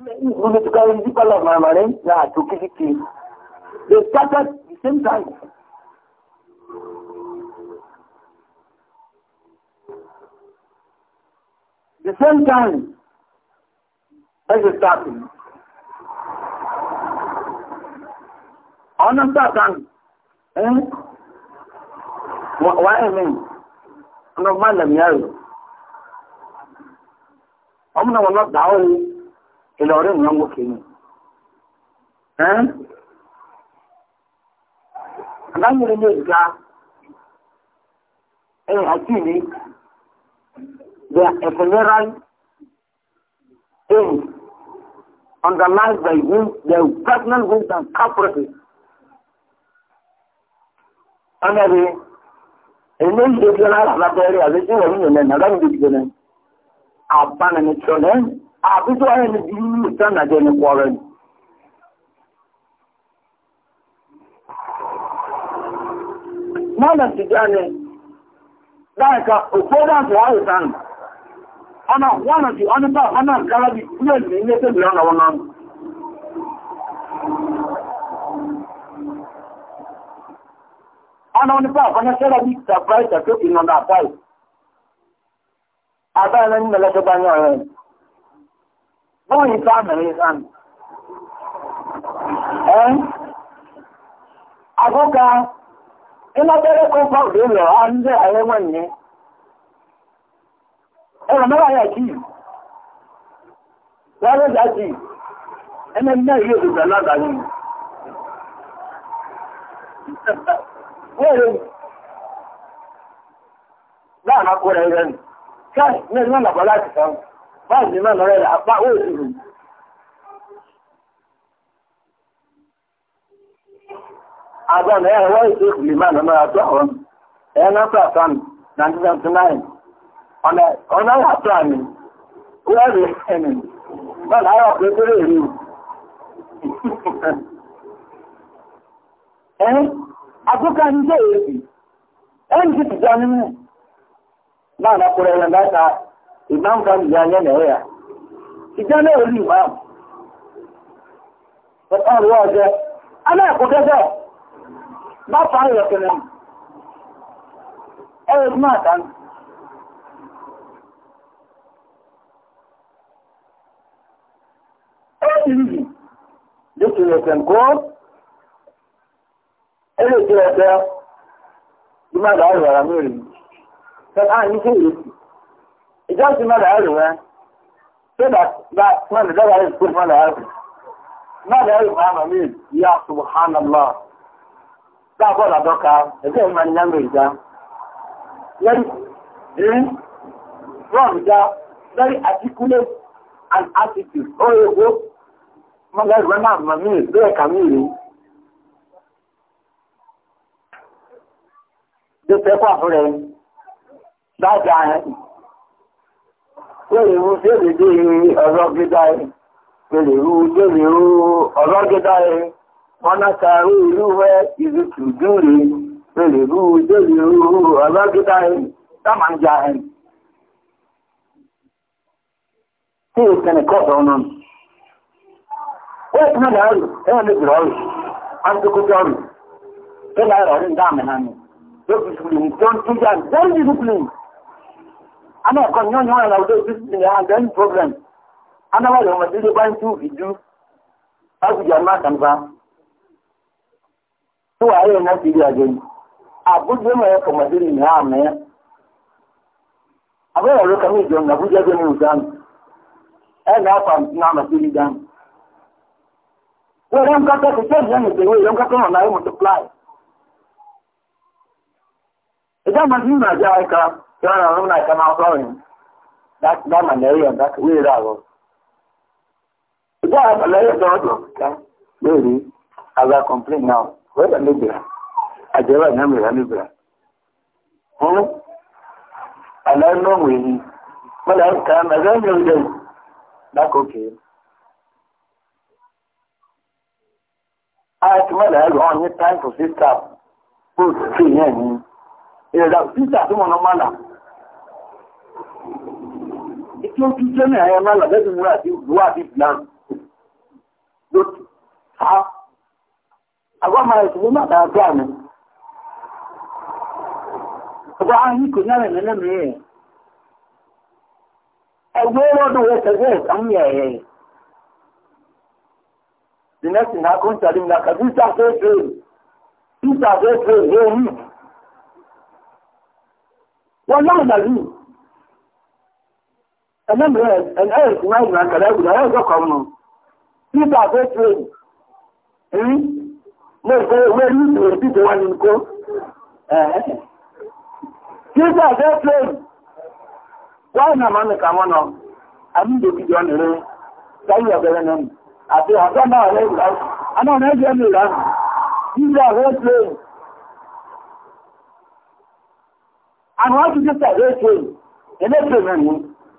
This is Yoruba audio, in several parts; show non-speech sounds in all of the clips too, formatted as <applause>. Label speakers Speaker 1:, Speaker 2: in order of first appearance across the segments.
Speaker 1: Even the current people of Marmarin, yeah, to kill it. They start the same time. The same time as the starting. Ọ̀nà sàtàn ẹ́n wà ẹ̀mí ọ̀nà mọ́lẹ̀mí ẹ̀rọ. Ọmọ náà wọ́n lọ́gbàá ọ̀rọ̀ Ìlọrin ìyàn wòkè ni. Àbáyọ̀rẹ́ lè ga ẹ̀yìn àti ìní their ephemeral aims underlined by him their personal goods and corporate. Ọ̀nàbí ilé ìdè tí ọ̀nà àlábẹ́rẹ́ àti tí wọ́n yìí lẹ́nà lọ́nà ìdè jẹ́ lẹ́nà. Àbánà ni tí ọ̀nà àbí tí mutan na jẹ́ ní kọrẹ ni mọ́nà ti jẹ́ ni láìka òkú dáàtì wáyé sáàrùn ọ̀nà wọ́nà ti ọ́nìbà ọ̀nà kárábì ilé ilé tẹ́bì ọ̀nà wọn náà ọ̀nà onípa ọ̀nà kárábì tàbí tàbí ìnàdà àbáyé àbáyé lẹ́yìn mẹ́lẹ́kẹ́ bá ní ọ̀rẹ́ Wọ́n yìí sáàmẹ̀rẹ̀ sáàmì. Ẹ́n, àkókà ilábẹ́rẹ́ kó pàdé lọ á ń jẹ́ àrẹ́wọ̀n ní. Ẹ̀rọ mẹ́wàá yà kí lárọ́jà kí ẹni náà yóò dùgbà lágbàáyé. Wẹ́rẹ̀ láàrín akọ́rẹ̀ rẹ̀ ní. Káì, mẹ́rin náà làbọ́ láti sáwọn. báyìí ní máa lọ rẹ̀ apá òòrùn agbọ́n ẹ̀yà wọ́n ìṣe ìpìlì máa lọ mọ́ra àwọn ẹ̀yà náà tó 1979 ọ̀nà àtọ́ àmì wẹ́rẹ̀ ẹ̀mì bọ́ọ̀ láyọ̀ pé péré ìlú ẹ̀yìn nínú náà lọ́kùnrin ẹ̀yàn dáta imam kan bi anya na ya ijana oli imam papa ruwa je ana fa ya kenan eh ma kan eh lókè ẹ̀sẹ̀ nǹkan ẹlẹ́tẹ̀ ẹ̀sẹ̀ ìmọ̀ àdáwọ̀ ìwàrà It doesn't matter everywhere. Say that, that man, the devil is good, man, everywhere. ma everywhere, Ya Subhanallah. That's what I don't eh? care. It's a man, young man. from the eh? Eh? very articulate and attitude. Oh, you go. Man, everywhere, man, man, man, they can mean. They for pẹ̀lú déèdé ọlọ́gídá ẹ pẹ̀lú déèdé ọlọ́gídá ẹ mọ́nákàrú ìlú ẹ ìrìtù dúrí pẹ̀lú déèdé ọlọ́gídá ẹ sámàjá ẹ tí ìkẹni kọ́ọ̀tọ̀ ọ̀nà ó ẹ̀kùn náà rẹ̀ ẹ̀wọ̀n lè bìrọ̀ rẹ̀ àtìkútọ̀ rẹ̀ tó láìrọ̀ ana ẹ̀kọ́ ní ọ̀nà ọ̀nà ọ̀dọ́ ìdí sí ìyá àgbẹ̀ ní problem anáwọ̀lẹ̀ ọmọ ìdílé bá ń tú ìdú ágùjà máa kànfà tó wà ayé náà ti rí àjẹ́ yìí àbújá mọ̀ ẹ̀kọ́ mọ̀dílé na àmẹ́ àbẹ́rẹ̀ ọ̀rọ̀ kan ní ìjọ ní àbújá gbé ní ìdáhùn ẹ̀ náà ní àmà sí rí dáhùn wọ́n kọ́kọ́ tẹ́lẹ̀ ní kọ́kọ́ láyé yọrọ ọrùn that kama fọrùn dáàmà lẹ́yìn ọ̀dá wíìrà have ìjọ àwọn lẹ́yìn ọ̀dọ́ ọ̀dọ́ maybe lórí àgbà complain now wẹ́dà níbìrà i don't know where he náà wèyí wọ́n lẹ́yìn kan don't ìyẹn ọjọ́ yìí dákòókè. a ti wọ́n lẹ́yìn ọ̀hún ní time for six staff bó ti yẹn ní. ìrẹ̀dà six staff tí wọ́n náà máa nà. cikin jami a yamma labarin muradi zuwa biblan ha agwa ma yake kuma da agwa ne agwa an yi kunya ne na me ẹgbẹ́ ọdún wọ́n tẹ̀lé ẹ̀sán yẹ̀yẹ̀ the next thing happen to them like a visa fair trade visa fair trade lórí wọ́n náà nàlú ẹlẹ́mìí ẹ̀ẹ́rì tí wọ́n ìgbà kẹ̀lẹ́ ìgbà ẹ̀rọ ìjọ kan mọ̀ peter fẹ́tìrì rí mo ń fẹ́ owó ẹ̀rí ìdìbò ìdìbò wọn ní kó peter fẹ́tìrì wọ́n ìnà mọ́ nìkan wọn nọ àmì ìdòkìdì ọ̀nà rẹ̀ sáyé ọ̀bẹ̀rẹ̀ náà àti àgbà náà rẹ̀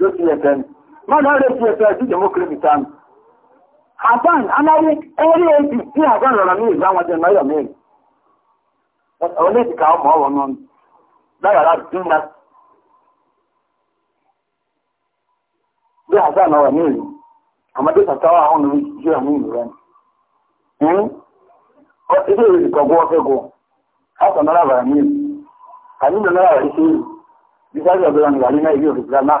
Speaker 1: ló ti ẹ̀fẹ́ ni má lọ rẹ̀ ti ẹ̀fẹ́ sí democracy tán hasan anáwó ẹ̀rí ẹ̀bì tí hasan rọ̀rọ̀ ní ìgbà wọn jẹ́ náírà mẹ́rin ọlẹ́dìkà ọmọ ọwọ́ náà láyàrá dínlá bí hasan ọwọ́ ní ìlú àmọ́dé sàtàwà àwọn ọmọ ìjọ ní ìlú rẹ̀ ilé ìkọ̀gbọ́ ọ̀fẹ́gọ́ hasan ọlọ́bàrà ní ìlú àníjọ náírà rẹ̀ ṣe ìlú bí sáyẹ̀ ọ̀bẹ̀rẹ̀ ní ìlú náà ìlú òrìṣà náà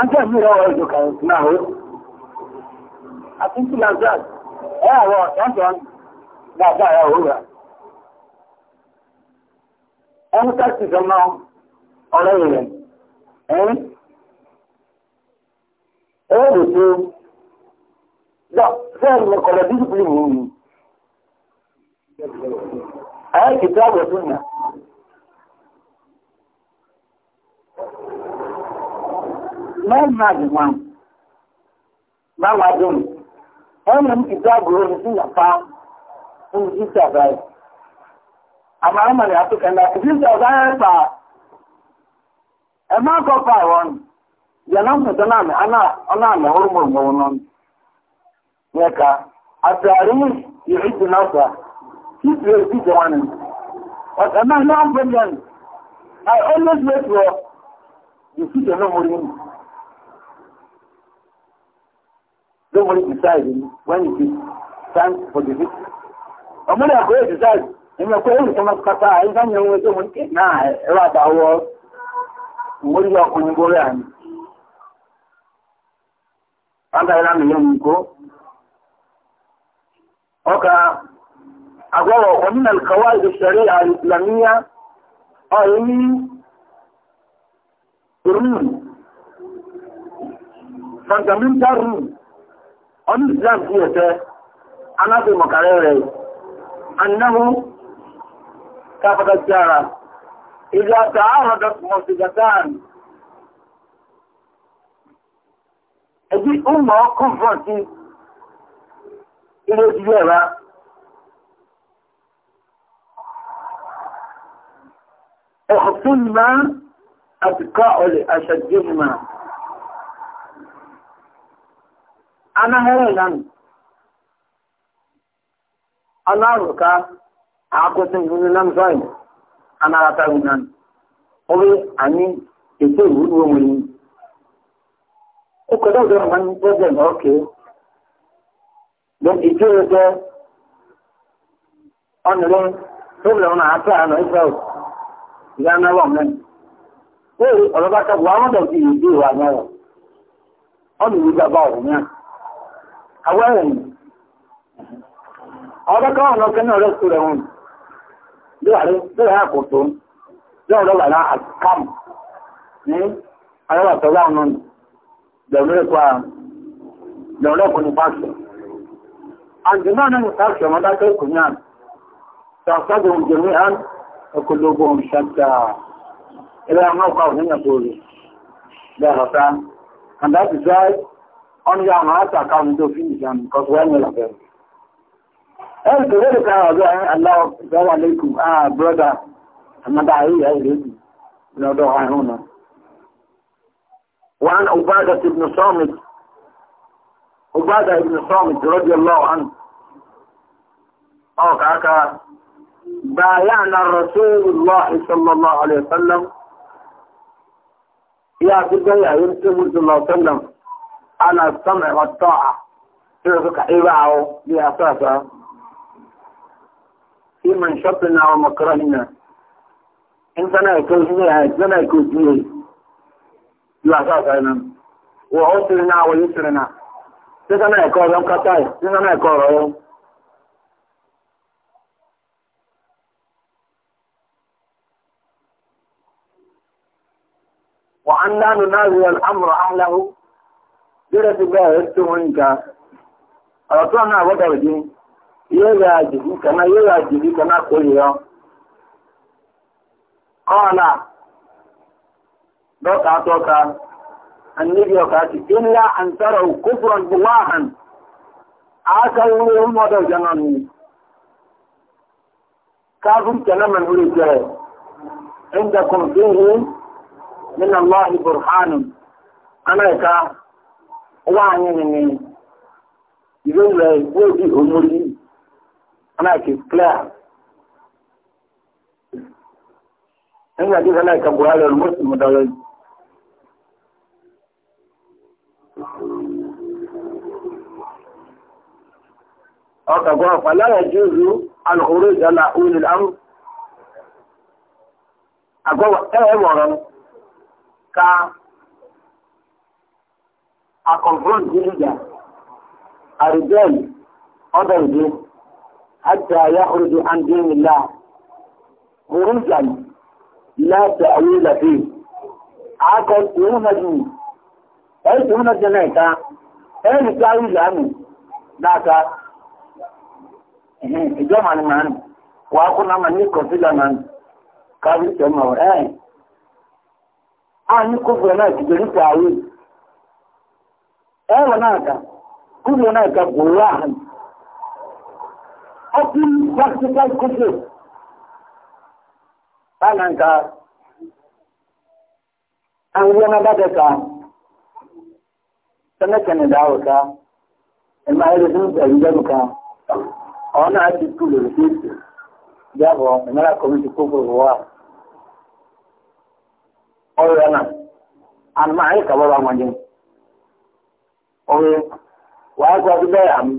Speaker 1: an kẹ́ mú ìrọ̀wọ̀ ìjọkà ìsìláwó àti ìsìlá jazz ẹ àwọn ọ̀tọ́sán dáadáa ẹ̀ òwúrà ẹni tẹ́sì sọmọ ọ̀rẹ́ rẹ̀ ẹ̀yìn ẹ̀yìn rẹ̀ tó lọ fẹ́ẹ̀ ní kọ̀lọ̀ dídìpílì mú mi ẹ̀yìn kìtà àgbẹ̀tún náà mẹ́rin àjò wọn báwa dùn ẹnu sí yàpá fún ìdíjà báyìí àmọ́ àwọn mẹ́rin àtúkẹ́ náà ìdíjà báyìí pa ẹ̀ máa kọ́ àwọn yàrá náà ọ̀nà àmì wọn náà yẹ ká àtàrí ìrìn I always wait Nobody decides when it is time for the victory. Ọmọdé àkóyè decide, èmi ọ̀pọ̀ èyí tó máa kàtà àyè sáà yẹn wọ́n tó wọ́n ké náà ẹ̀rọ àtàwọ̀ ìwọ́n yọ ọkùnrin gorí àmì. Bàbá ìlà mi yẹn nìkó. Ọkà àgbọ̀wọ̀ ọ̀nà ìkàwá ìṣẹ̀rẹ̀ àìsìlámíyá ọ̀yẹ́ ní rúùn. Fundamental rule ọdún islam fi ẹ̀fẹ́ aláfẹ́ mọ̀kàrẹ́ rẹ̀ annáhu káfàtà jára ìjà tààrọ̀dọ̀ mọ̀sígàtàn ẹ̀bí ọmọ kọ́nfọ́ntì ilé ojú ẹ̀rá ọ̀tún máa àtìkọ́ ọlẹ̀ àṣàjẹ́ máa anaghịrị nanu anaruka akwụsị nzuru na mzọị anarataghị nanu obi anyị ete wuru onwe yi ụkọdọ ọzọ ọma ndị na ọka don ete ọzọ ọnụrụ problem na atụ anọ ya bụ iji anya ọ na-ewuzi aba awẹ́rẹ̀ ni ọ̀rọ̀ kan ọ̀nà ọ̀kẹ́ náà rẹ̀ tó rẹ̀ wọn lóòrẹ̀ lóòrẹ̀ àkótó lóòrẹ̀ wà náà àkàm ní arẹ́wà tọ́lá ọ̀nà lọ́rẹ̀ kọ́ lọ́rẹ̀ kọ́ ní pàṣẹ àjùmọ́ náà ní pàṣẹ ọmọdé akẹ́kọ̀ọ́ kò ní àná tọ́sọ́dọ̀ òjòmí án onye ahụ aka ka mdo finishan because when will have el to really ka ozo eh allah assalamu alaikum ah brother amada ayi ayi ready no do ha huna وعن عبادة بن صامت عبادة بن صامت رضي الله عنه أو كاكا بايعنا رسول الله صلى الله عليه وسلم يا عبد الله يمسك صلى الله عليه وسلم على السمع والطاعة يرزق إباعه بأساسه في منشطنا ومكرهنا إنسان يكون فيها إنسان يكون فيه بأساسنا وعسرنا ويسرنا إنسان يكون يوم كتاي إنسان يكون يوم وأن لا ننازل الأمر أهله lórí ẹsẹ̀ bẹ́ẹ̀ rẹ̀ tó wọn nǹkan ọ̀rọ̀ tó náà wọ́dà òdi yóò yà àjèjì kaná yóò yà àjèjì kaná kó yẹ ọ́ kọ́ọ̀là dọ́ka tọ́ka annabi ọ̀ka ti illa an tara kufran buwahan aka yi wọ́n mọ́dọ̀ kafin inda kun min Allah ana ka wáyé nìyí ìwé rẹ̀ wọ́n di òmùrí aláìkè clear nígbà tí sọ́lá ìka buhari olùmọ́sí mọ́dọ́rọ́ yìí ọkà gbọ́n pàlára jùlọ alùkòrò ìjọba òní lámù àgbọ̀wọ̀ ẹ̀wọ̀n ká are confront the leader and rebel under him حتى يخرج عن دين الله خروجا لا تأويل فيه عقل يوم ẹ̀yìn tó múnà jẹ́ mẹ́ta ẹ̀yìn tó ayé ìlànà dáta ìjọ màá ní màá nù wà á kún náà ní kọ̀sílà màá nù káàbí tẹ̀ mọ̀ ẹ̀yìn a ní kófò náà ti gbé nípa ayé ewe naka kuno naka burahan open practical courses ananka an na daga ka sanaka ne da hauka in sun tsari da ka a wani ake kulo dị iche ya ba wani mara ruwa ọrịa na amma aika ba ba ọ̀rọ̀ wà á gbọ́ abíjọ́ yà mí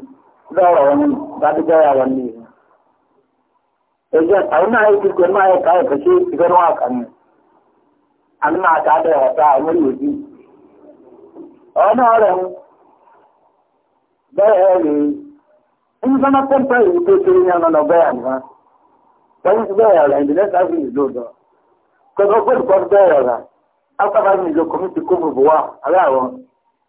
Speaker 1: lọ́rọ̀ wọn nínú abíjọ́ yà wọn ní ìlú. Ẹ̀jẹ̀ àwọn náà yóò kíkọ́ náà yẹ ká ẹ̀kọ́ sí ìgbẹ́ náà kà ní. Àmì máa ta abẹ́ ndị na yóò di. Ọ̀rọ̀ náà rẹ̀ ń bẹ́ẹ̀ rè é. Ní ndị pẹ́ńpẹ́ ìlú tó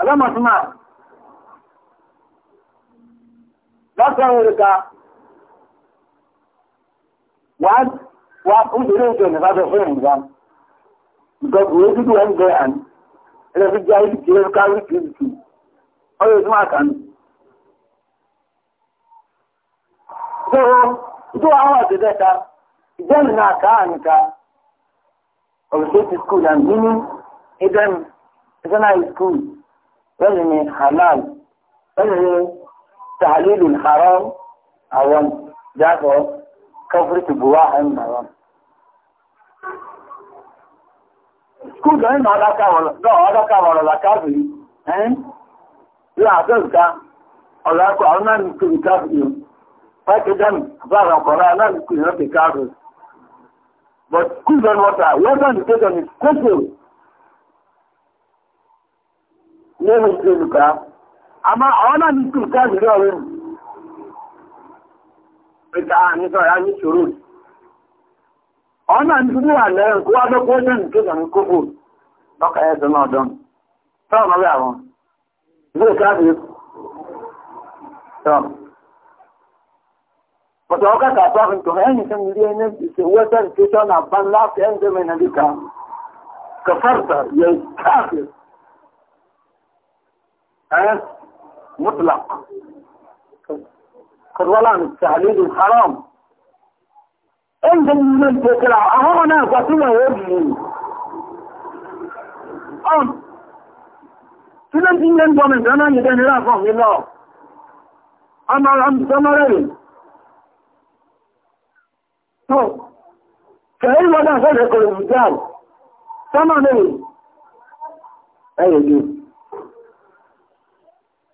Speaker 1: Alama Usman. Lọ́sàn òrùka, wà ń bèèrè ìjọ ìrìnàjò fún ìrìnàjò. Ìjọba òwe dúdú ẹ̀ ń bẹ àní. Ẹlẹ́ fi jẹ́ ayé kìí ẹ̀rọ kárí kìí kìí. Ọyọ̀ ìsúnmọ̀ àkànú. Tó tó àwọn àtẹ̀dẹ́ta, ìjẹ́ ìrìnà àkáà nìka. Ọ̀rọ̀ tó ti skúl and meaning, ìdẹ́nu, ìdẹ́nu high school bẹ́ẹ̀ ni halal bẹ́ẹ̀ ni tàlílù haram àwọn jáfọ́ kọfíríkì buwa ẹ̀ ń bàrọ̀. Skúlù ẹ̀ náà ọ̀dọ́ka wọ̀rọ̀ làkàbì ẹ̀ yóò àtọ́ǹkà ọ̀rọ̀ akọ̀ àwọn náà ní kiri káfíì yìí. Fákẹ́dẹ́m bára ọ̀kọ̀rọ̀ náà ní kiri náà kiri káfíì. But skúlù ẹ̀ wọ́ta, wọ́n náà ní kiri lórí ìpínlùká àmá àwọn náà ní ìpínlùká ìrí ọ̀rẹ́ nù pẹ̀ta àníṣọ́ ya ní ṣòro àwọn náà ní ìpínlù àlẹ́ kó wá lọ́pọ̀ ọjọ́ nìkéjà ní kókò lọ́kà ẹ̀ẹ́sọ náà dán tọ́ọ̀mọ́ bí àwọn ilé ìkáàbí tọ́ But all that I've gotten to anything really is the weather station of Banlaf and the Menalika. Kafarta, yes, kafir. أه؟ مطلق قد ولا الحرام انت من تطلع اهو انا قاتله وجهي ام كلام دين لن من زمان يدين لا فهم الله اما الام سمرين تو كأي ولا فرق الرجال سمرين اي جيب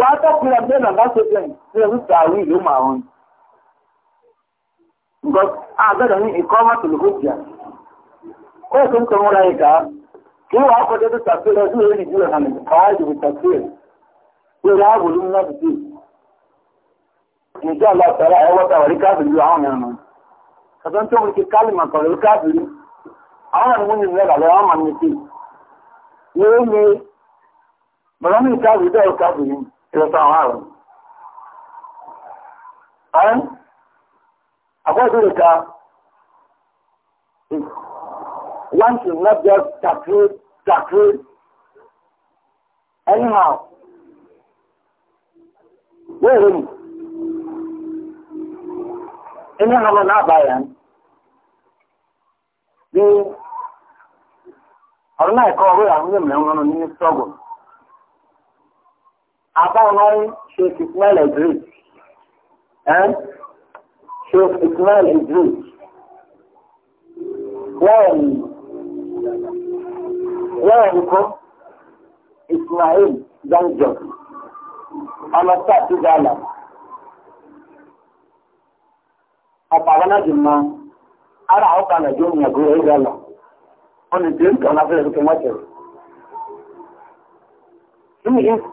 Speaker 1: Wata kula bẹ́ẹ̀ nàbá ṣe bẹ́ẹ̀ tí ẹ̀rú sàárì ìlú màá wọn. Because àgbẹ̀dọ̀ ní ìkọ́ mọ́tò ló kọjá. Ó yẹ kí n tọ́ mọ́ra yìí ká. Kí wàá kọjá tó tàfé lọ sí ìrìn ìdílé hàn mí kàwá ìdìbò tàfé ẹ̀. Ṣé ìlà ààbò ló àlọ́ àtàrà ẹ̀wọ́ káàbìrì àwọn Kàtà tó wọn kálí mà kọ̀rọ̀ káàbìrì. Àwọn àwọn ìrọ̀tọ̀ àwọn àrùn. Ẹ́n, lè ka, one should not just tattoo, tattoo, anyhow. Wéèrè mi, inú ọmọ náà báyà ní, ní ọ̀rọ̀ náà ẹ̀kọ́ ọ̀rọ̀ àwọn ènìyàn mìíràn ní struggle. àbáwọn Sheikh Ismail Idris Ismail Idris wọ́n wọ́n kọ́ Ismail Danjo ọlọ́sà ti dáná ọ̀pọ̀ àwọn náà ti ara àwọn kan nàìjíríà ní wọ́n ni tí ń kàn mọ́tẹ̀rẹ̀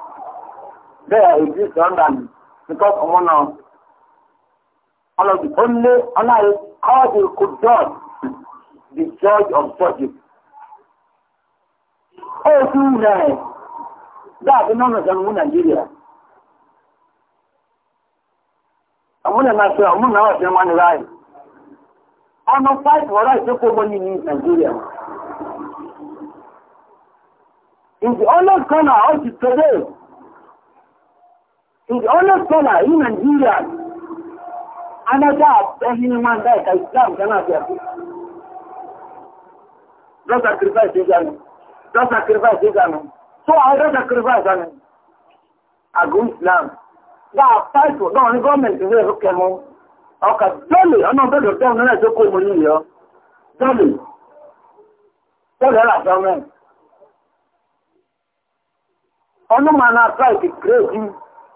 Speaker 1: there exist under me because ọmọ náà ọlọ́dún ó lé ọláyé God could judge the judge of judges. Ó tún rẹ̀ dáàbí náà nìkan mú Nàìjíríà. Àmúlẹ̀ máa ṣe àmúlẹ̀ náà wà sí wọn ní ráì. Ọmọ fáìtì wọ́n ráì tó kó mọ́ ní Nàìjíríà. Ìdí ọlọ́kan náà ó ti the honest dollar in Nigeria, another anyone like Islam cannot be sacrifice Islam. Don't sacrifice Islam. So I don't sacrifice Islam. Agun Islam. That fight for the government is very okay. Okay, dolly, I'm not better down than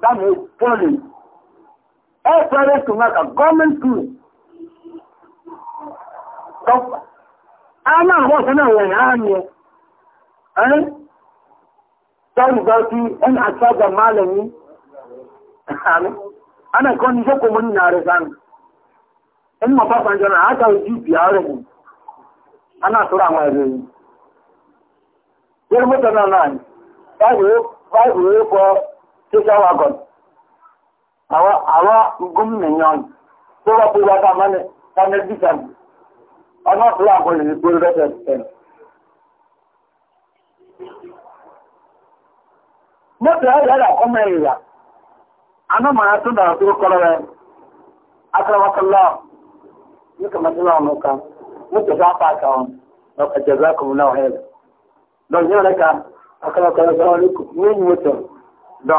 Speaker 1: That means failing. All parents to make a government school. So, I'm not watching that when I'm here. Eh? Sorry, Bertie, and I saw the malami. Ana kwan nje papa aka uji biare mu. Ana tura ma reyi. Yer tíṣà wà gọ̀n àwọn gómìnà yan tó wà pé wákà mọ́ni kánẹ́ bíṣà ọ̀nà ìlú àkọlù ní gbórí rẹ̀ tẹ̀sán. mọ́tò ẹ̀rọ ọmọ ìyá àná màá tún dàrú tó kọ́ ní kàmọ́tìlá ọmọ kan lọ́kọ̀ jẹ̀bẹ́ rẹ̀ ká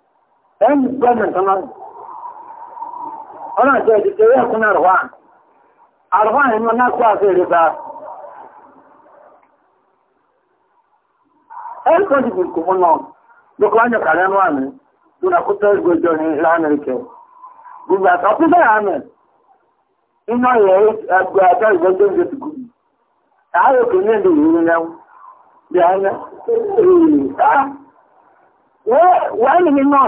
Speaker 1: ẹ̀mù gbọ́nà kanáà ọ̀nà jẹ́ ìdíkẹ̀rẹ́ ẹ̀kún àrùwán àrùwán ẹ̀mù náàkọ́ àfẹ́rẹ́ bá ẹ̀kọ́ dìbò kò mọ́ náà lókọ́ ányọ kàrẹ́ ẹ̀nù àmì lónà kó tẹ́ ìgbẹ́jọ ní lánàríkẹ́ gbogbo àtàkùnfẹ́ àmì iná ilẹ̀ ẹgbẹ́ àtọ́ ìgbẹ́jọ ń gbẹ́tùkú ààrẹ kò ní èdè ìrìn ah, náà bí i ányá wọ́n ní náà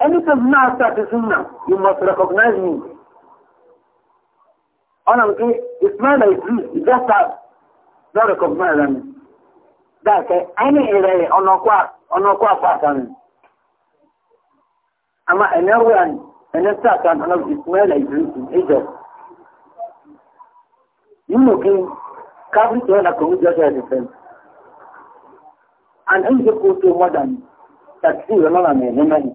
Speaker 1: Any person after the sunnah, you must recognize me. And I'm saying, it's not like this, it's just that, no recognize me. that Any area, on a quack, on a quack pattern. I'm not an area, and na not that, and it's not like this, it's just. You know, King, Catholic, you're not going to judge everything. And he's a good to modern, that's still another man,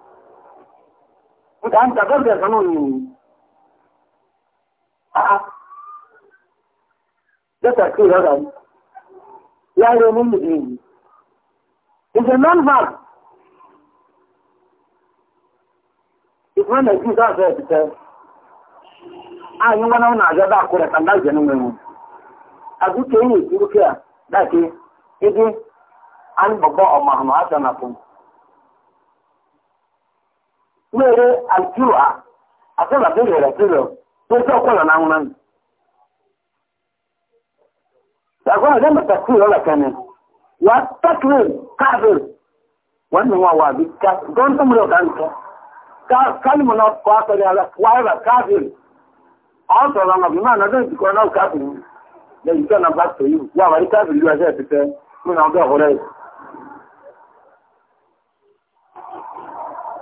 Speaker 1: Nka an ta ya a non-verb. It's when the Jews are there to tell. Ah, you want to know that I could have come back to you. I could tell you, you mere a asema vile lakilo sio kwa na naona takwa jambo takwiro la kane wa takwir kafir wannan wa wa bi ka don ta mulo kan ka kalmu na kwa ta ya la wa ba kafir auto na zai ko na kafir da ita na ba to yi wa ba kafir ya mun na ga hore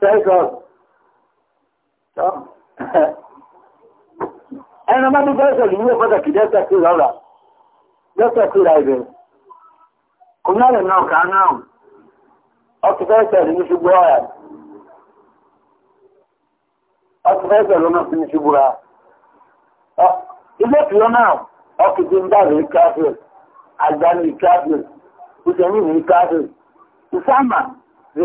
Speaker 1: sẹ́kọ̀ọ́ tọ́ máa ń bá sọ̀rọ̀ ìwé pàtàkì dẹ́ta sí lọ́la dẹ́ta sí ra ìbẹ̀rẹ̀ kò náà lè náà kà náà ọkùnrin ní ṣubú ọ̀yà ọkùnrin sọ̀rọ̀ sí ní ṣubú ra ilé ìpìlọ náà ọkùnrin ń dàrú káfíìn àgbà ní ní ní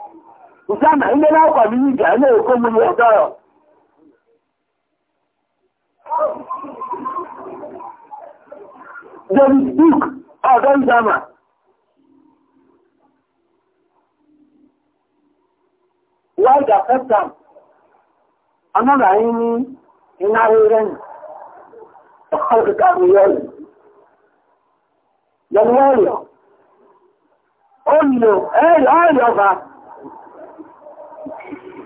Speaker 1: Ìsáàmà ilé lápàá ní ìjà ilé èkó mú ní ọ̀dọ́rọ̀. David Duke, ọ̀dọ́ ìsáàmà. Wáìdà Fẹ́tàm, anára yìí ní iná rẹ̀ ní ọ̀kọ̀kọ̀ àríyọ́lù. Yẹ̀lú ẹ̀rọ, ó lò ẹ̀rọ ọ̀gá.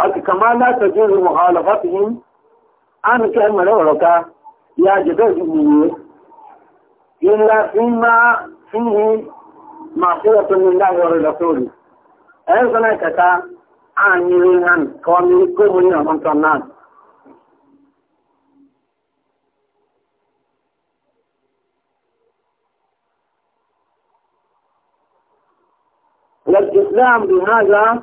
Speaker 1: أك كما لا تجوز مخالفتهم أنا كلمة لورك يا جدوز مني إلا فيما فيه معصية من الله ورسوله أيضا كتا عن يلينان كوامي كومني ومن كنان والإسلام بهذا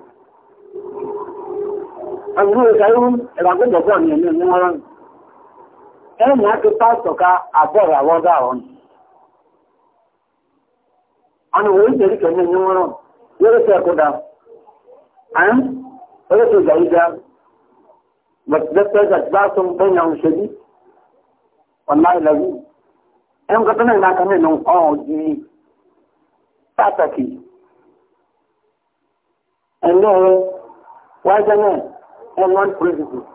Speaker 1: àgbúrò ìṣẹ́rú ìràgbẹ́gbẹ̀gbọ́ mi ní mú wọn ẹ̀yìn á ti pásítọ̀ ká àbọ̀rọ̀ àwọ́dá ọ̀hún ọ̀nà òun ìṣẹ́rí kẹ̀mí ní wọn lórí ṣe ẹ̀kọ́dà ẹ̀yìn orí ṣe ìgbà ìjà bẹ̀tẹ̀tẹ̀ bá sọ bẹ́yìn àwọn ìṣẹ́bí ọ̀nà ìlẹ́bí ẹ̀yìn kọ́tọ́ náà náà kàmí nù ọ̀hún di pàtàkì ẹ̀lẹ́ wájẹ́ náà and one principle.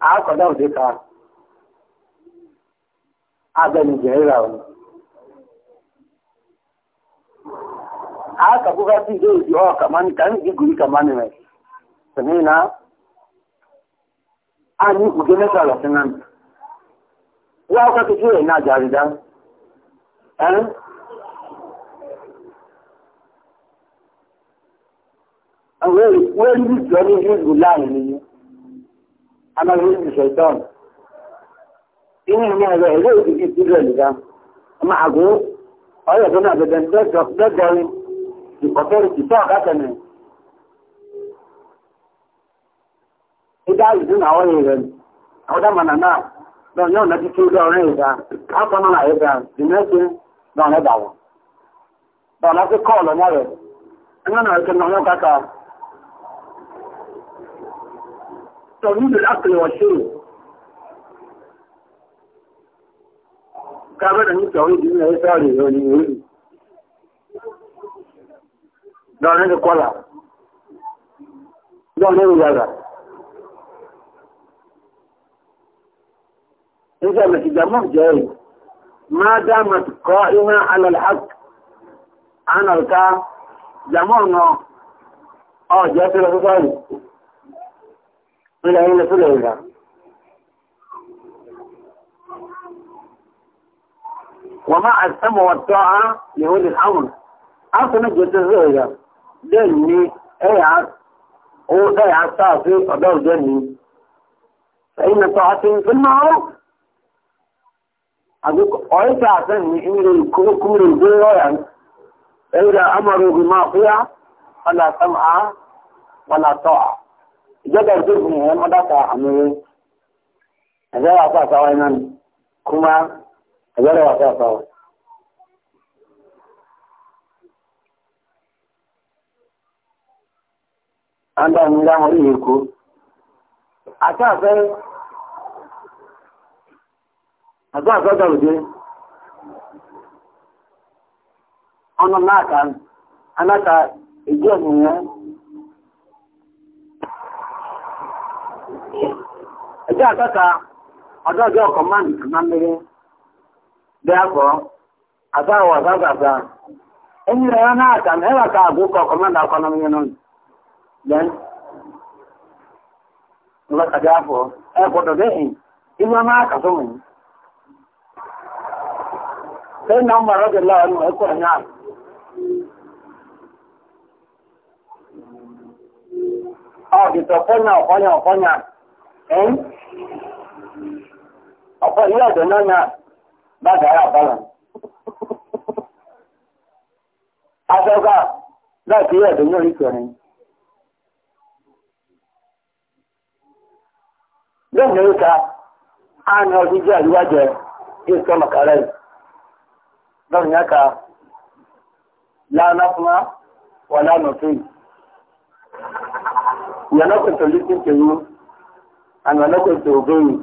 Speaker 1: After that, they can. Adam is around. kuka si zai ji wa kamani kan ji guri kamani mai. Sani na an kuke na salatin nan. Ya kuka na jarida. àwọn èèkú ẹ̀rí jọ ní hezbo láàrin nìyí amáyé ṣẹ̀tọ́n inú ìmọ̀ ẹ̀rọ ẹ̀rọ ìdíjì sílẹ̀ nìyá ọmọ àgó ọyọ̀ tó náà bẹ̀bẹ̀ dẹ́gbẹ̀rin ìkọ̀tọ́rì tìtọ́ àkátẹ̀nẹ̀ ìdá ìdú náà ọyọ̀ rẹ̀ rẹ̀ تمويل العقل والشروع كابر أن تعود إلى يساري وليولي لا نجد ولا لا نجد ولا إذا ما تجمع جاي ما دامت قائمة على الحق أنا الكا جمعنا أو جاتي لك من أين تلعب ومع السمع والطاعة لولي الأمر أصلا جتزوية دني أي أيعت هو أي أيعت صافي أدور دني فإن طاعتهم في المعروف أقول أي أيك أعتني إن الكوكور الجوية إذا أمروا بمعصية فلا سمع ولا طاعة jaga zubu ne ya madaka a mere a zara wasa sawa nan kuma a zara wasa sawa an da mu da ko a sai a naka anaka Nke atọ ka ọdọdọ kọmand na mmiri dị afọ asa awọ asa asa asa. Enyere na n'aka na ịwa ka agụ kọ kọmand akọ mmiri nọ. dị afọ so e ẹ̀yìn ọ̀pọ̀ ilé ọ̀dọ̀ náà náà bá gàrà bọ́lá. Afẹ́gbà láti ilé ọ̀dọ̀ náà rí kẹrin. Lónìí ní ìta, a ní ọdún jẹ́ àríwájẹ kí ìtọ́ màkàrẹ́ lánàá fún ana na ko to gai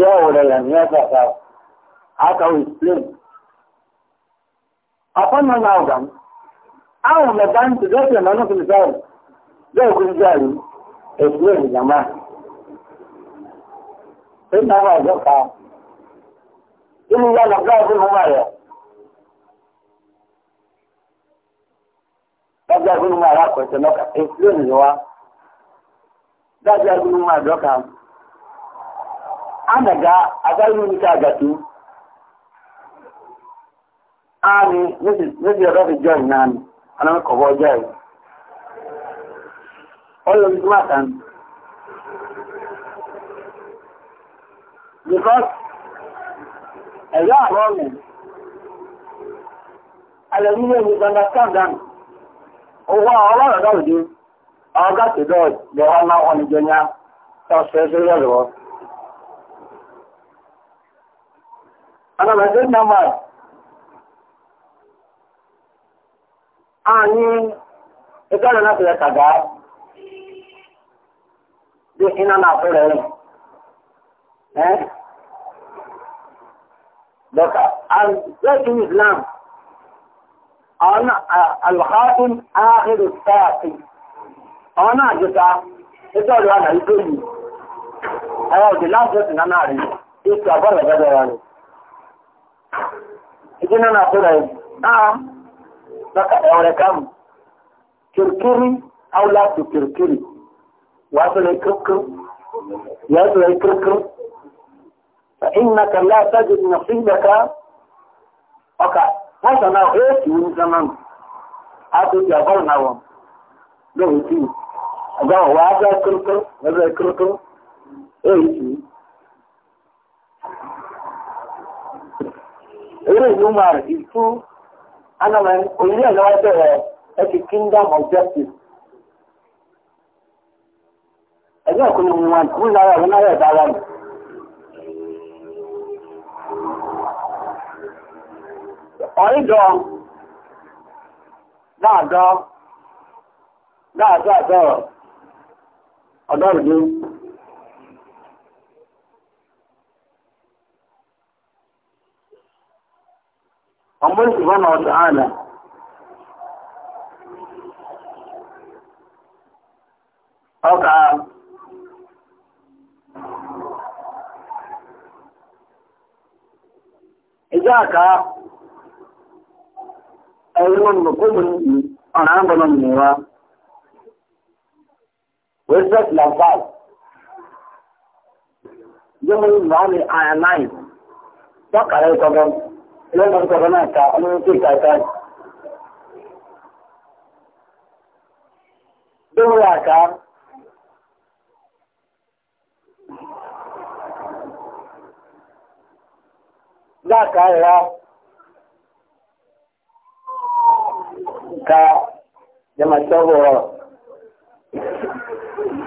Speaker 1: ya wala ya ya ta ta aka we explain apa na na ga awon na dan to da na na ko sai da ko jari explain jama sai na ba ga ka in ya na ga ko ma ya Ọjọ́ ìgbóhùn ara kọ̀ọ̀tẹ̀ lọ́kà, za su yasu mun a na ga a tsarin nika gatu ani nisi yọrọ fi jọ ìnáni ọjọọ kọ̀wọ́ ọjọ́ ẹ̀ ọlọ́ ní túnmà because ẹ̀yọ́ àwọn ọmọ alẹ́mílẹ̀ ní understand am owó oh, aga ti dọ̀ lẹ́wà máa wọn jẹ ní ọ̀sẹ̀ ìṣẹ́lẹ̀ lọ́wọ́. Anàbẹ̀sẹ̀ nàmà ààyí ìgbàlẹ̀ láti rẹ̀ kàgá bí iná náà fẹ́rẹ̀ rẹ̀. Ẹ́ Dọ̀kà, àrẹ́kì àwọn náà jẹta ẹjọ́ ìlú àná ìgbé yìí àwọn òdì láti ẹ̀sìn náà rí ètò àbọ̀lẹ̀ gẹ́gẹ́ rẹ̀ ìdí náà tó rẹ̀ náà lọ́kà ẹ̀wọ̀rẹ̀ kàmù kìrìkìrì áwùlá tó kìrìkìrì wàá tó lè kìrìkìrì yàá tó lè kìrìkìrì فإنك لا تجد نصيبك ọkà wọ́n sọ náà ó kì í ní sọ́mọ́nù á tó ti ọgọ́rùn-ún àwọn lóòótì ga wa ga kurkur na zai kurkur eh yi isu ana mai oyiri a gaba da ake kingdom of justice ẹgbẹ́ ìkúnni mu wọn kún lára ọ̀rọ̀ náà àdọ́rọ̀. ọ̀dọ́rùn-ún ọmọ ìṣùgbọ́n na ọ̀tọ̀ ààlà ọkà ìjọ àkà ẹ̀rọ nùkú mú ọ̀nà àgbọ̀nà mìíràn wẹ́sẹ̀t làǹfààní. Yẹ́mọ̀ ní màá ní àyà náì. Tọ́kàrẹ́ ìkọ̀gọ́. Ilé ọmọ ìkọ̀gọ́ náà ta ọmọ ìkọ̀ ìka ìka. Dóòrò àká. Dáàkà ìra. Ka jẹ́mọ̀ ìtọ́wọ̀ rọ̀.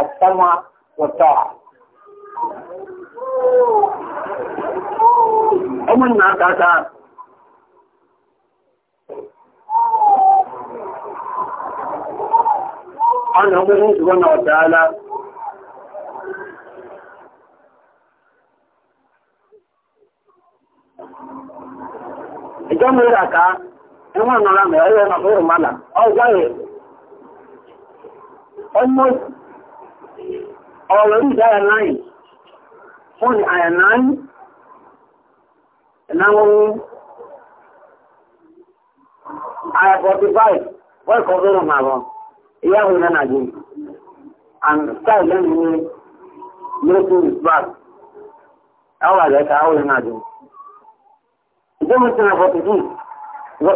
Speaker 1: السمع والطاعة أمنا كذا أنا a سبحانه وتعالى ìjọ mi na ká ẹwọ́n ọ̀nà fún ọjọ́ ọ̀rọ̀ ní ìdáyà náà fún na náà ìnáwọ́n 45 wọ́n kọ́ fẹ́ràn màbọ̀ ìyáwó náà nàgbé and style lẹ́nu ní military back àwọn àgbẹ̀ta àwọn ìrìnàjò ìgbẹ́mùsìn àfọ̀tìdì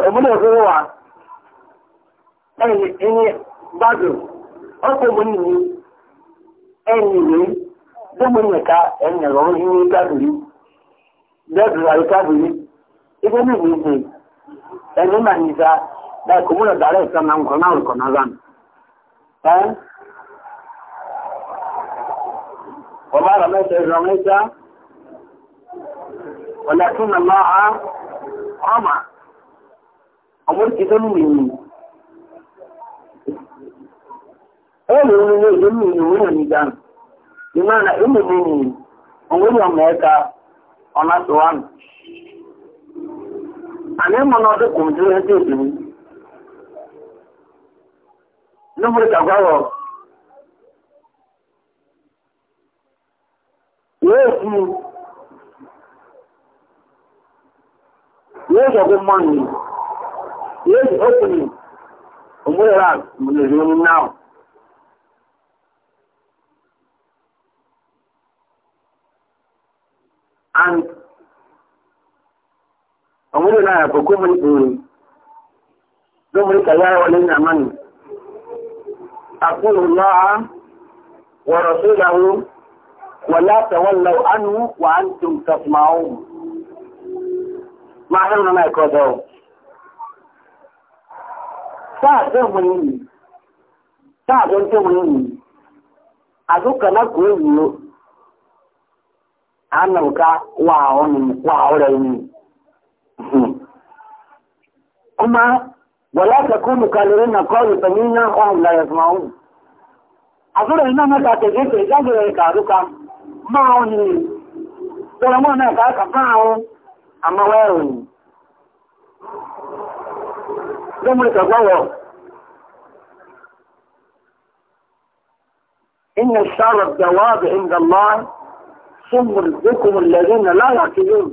Speaker 1: ìbúlẹ̀ òfin wà ẹni bájò ọkọ̀ mọ́ ẹ̀yìnlẹ̀ gbogbo nìka ẹ̀yìnlẹ̀ ọ̀hún ní kábìrì lẹ́dùrà ndị ibi ní ìgbésẹ̀ ẹ̀mí mà nìta báyìí kò múlò dàrẹ́ ìkan nǹkan náà nǹkan náà lánà. وما ẹ̀rọ ìrìnlẹ̀ èdè ní ìwé ònìjà na ìlú mi ni òun yọ mẹ́ẹ̀ka ọ̀nà tó wà nù. àní mọ̀ náà dẹ́kun tó yẹ tó dùn. lóbi ìtàgbọ́wọ̀ yóò fi yóò sọ pé mọ́ni yóò sì ó pinnu òun yóò rà onye omi ahụ and ọmọdé na ya kó mọ́ni kúrò mm. lómọdé kàyà wọlé ní àmánu àkúrò lọ́ha wọ̀rọ̀ sí wa wọ̀lá wa anú wà á wa tẹ̀sùmáwó máa hẹ́rù náà ẹ̀kọ́ dọ̀ sáà tó mọ́ yìí sáà tó ya tó mọ́ yìí àdúkà náà kò annabka wa auren <laughs> kuma wala ta kunu kalirin na kawai tsamina wahun la yasma'un a zuwa ina mata ta gefe jagira ya karuka ma'auni ne tsoron wana ka aka ma'aun a mawayarun ne don mulka gwawo inna sharar da wa inda Allah ṣùgbọ́n ìgbókòwò lẹ́yìn náà láyà kí yóò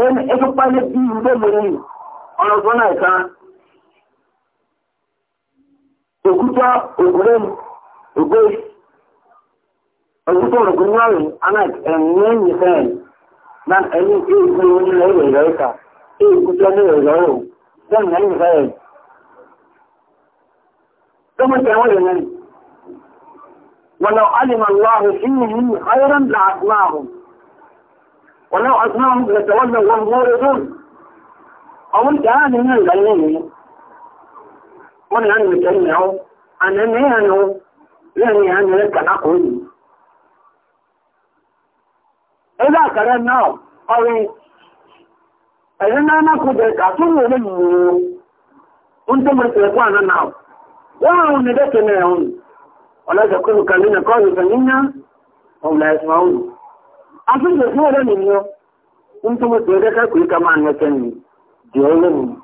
Speaker 1: ẹni ẹjọ́ pálí bí ilé mi ní ọ̀nà tó náà ká òkúta ògùnrẹ́ ògbé òkúta ògùnrẹ́ anáàkì ẹ̀yìn nìfẹ́ náà ẹni tí ó gbé orí lẹ́yìn ìrọ̀ ìka tí ó kúta ní ìrọ̀ ìrọ̀ ìrọ̀ ìrọ̀ ìrọ̀ ìrọ̀ ولو علم الله فيهم خيرا لعصماهم ولو عصماهم لتولوا وهم موردون أو أنت هذه من الغنين من أن يتنعوا أنا نيانو يعني أنا لك نقول إذا كرنا قوي فإننا نقول لك أصول لك أنت من تلقوانا نعم وأنا ندك ولا تكونوا كالذين قالوا سمعنا وهم لا يسمعون أصل بسمع لهم اليوم أنتم تدرك كل كما أن يكني جهلهم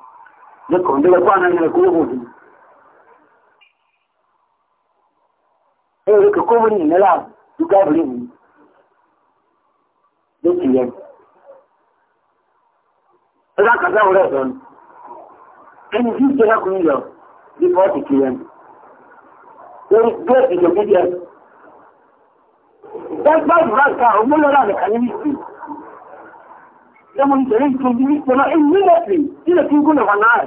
Speaker 1: لكم دلقوا أن يكونوا فيه ẹ̀rọ kẹ́kọ́ wọ́n ní ìnẹ́lá tó gáàbìrí mi ló ti yẹ. ẹ̀rọ kàtà wọ́n rẹ̀ sọ́nù ẹni tí ó jẹ́ lákùnrin lọ bí fọ́ọ̀tì kìí ẹni lórí great disobedience. Dẹ́gbà ìrànkà òmúlọ́rà nìkan ní ìsìn. Lẹ́mọ̀ ìjẹ̀rí ìtòjú ní ìpọ̀nà immediately sílẹ̀ kí gúnnà wà náà.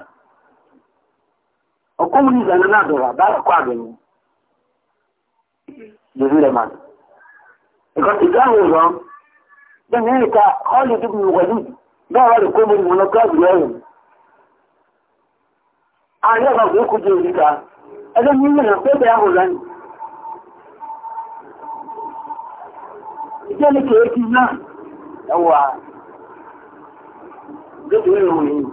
Speaker 1: Ọkùnrin ní ìzànà náà dọ̀rọ̀ àbá ẹ̀kọ́ àgbẹ̀ni. Jèrú rẹ̀ mà. Ìkọ̀ ti dáhùn ìrọ̀. Bẹ́ẹ̀ni ìta ọ́lù tó bí wọ̀lú bẹ́ẹ̀ wà lè kó mọ́ ìmọ̀lọ́kọ́ àgbẹ̀ ẹ̀rùn. Àárín ọ̀gá ẹgbẹ́ ní ilẹ̀ pẹ́pẹ́ àwòrán ìjẹ́ ní kèrè kí náà ẹwà gẹ́gẹ́ ìròyìn yìí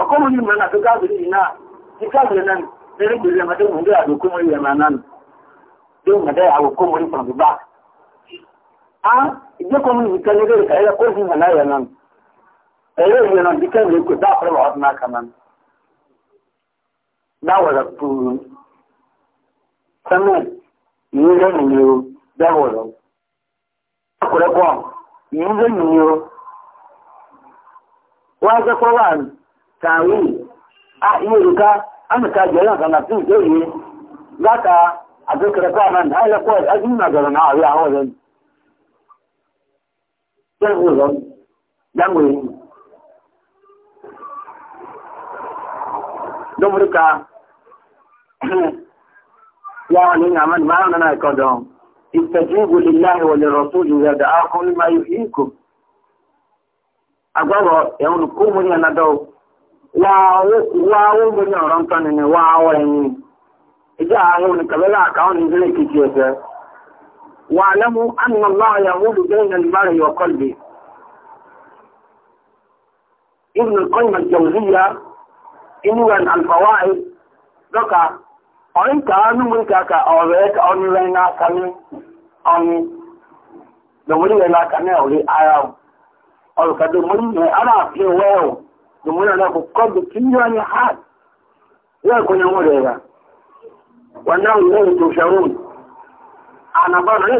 Speaker 1: ọkọ́mọ̀ ní mọ̀nà tó káàkiri yìí náà ti káàkiri náà lẹ́rẹ́ gbèrè ẹ̀mọ́ tó mú ní àdókòmọ̀ yìí ẹ̀mọ́ náà tó mú dẹ́ àwòkòmọ̀ yìí na bá a ìgbẹ́kọ̀mọ̀ dawara pụrụ samet yire nyere dawara akwarakwa yire nyere wáyé kọ́wà kàwé ìyèrùká amìta jẹ́rìn àtàlà tí ìjọ yìí láta àdókẹrẹkọ́ àmàlì àìlẹ́kọ́ ẹgbìnà gọ̀rọ̀ náà rí àwọn ọ̀rẹ́ domurka يعني نعمل معنا كذا استجيبوا لله وللرسول إذا دعاكم لما يحييكم أقول يوم كم من ينادوا واو واو من يرام كان واو يعني إذا أقول كبلا كان يزلي كتير واعلموا أن الله يقول بين المرء وقلبه ابن القيم الجوزية inuwan alfawai doka oyin ka anu mun ka ka ore ka onu le na ka ni onu na ka ori ara o ka do muri ne ara fi we do muri na ko ko do kinyo ni ha ya ko ni mo le ga wannan ne to sharun ana ba na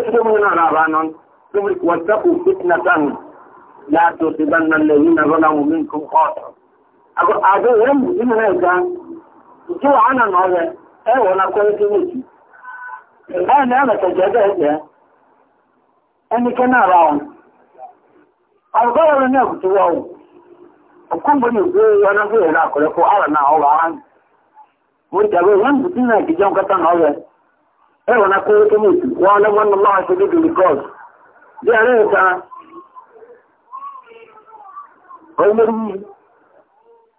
Speaker 1: na ba non do ko ta ku fitnatan la àdó rẹ̀ mú na rẹ̀ ga ìjú àánà nà na kọ́ ẹgbẹ́ méjì báyìí ni ẹ̀rẹ̀ tẹ̀jẹ̀ bẹ́ẹ̀ jẹ́ ẹnikẹ́ náà ra ọ̀n àrùbáwọ̀ rẹ̀ ní ẹ̀kùtù wọ̀ ọ̀kúnbọ̀ ní ìgbé ọ̀nà bí ẹ̀rẹ̀ àkọ̀rẹ́ fún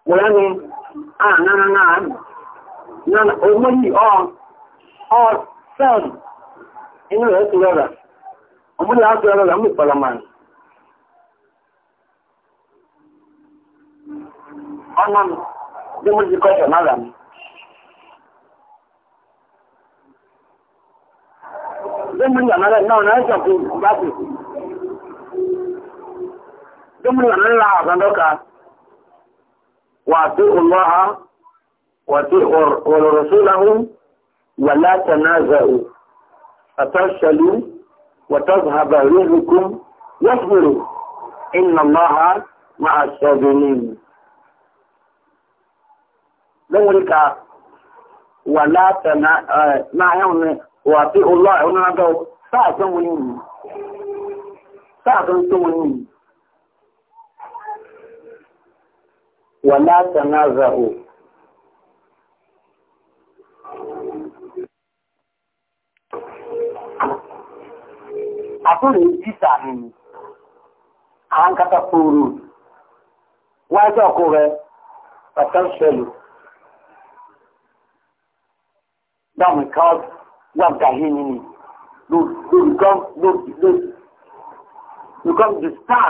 Speaker 1: wọ́n ni ààrùn náà náà owó yìí ọ sẹ́ẹ̀lì inú rẹ̀ ti rọrọ̀ ọmọdé láti rọrọ̀ rẹ̀ mú ìpọ̀lọmọ̀ ọmọ mi bí mo ti kọ́ ìṣẹ̀ náà rà mí Gbẹ́mú ìyàmọ́ rẹ̀ náà náà ṣọ̀kú bá sì. Gbẹ́mú ìyàmọ́ وأطيعوا الله وأطيعوا رسوله ولا تنازعوا فتفشلوا وتذهب ريحكم واصبروا إن الله مع الصابرين ذلك ولا تنا آه، ما يعني وأطيعوا الله ونعبدوا ساعة ثمانين ساعة ثمانين wàlá tànáza o. àtúrò jíta ni à ń kata fòrò wájú ọkọ rẹ ọ̀tán ṣẹlẹ̀ dáàmù káwọ́ wàgàyé nínú lórí lórí lórí lórí lórí lórí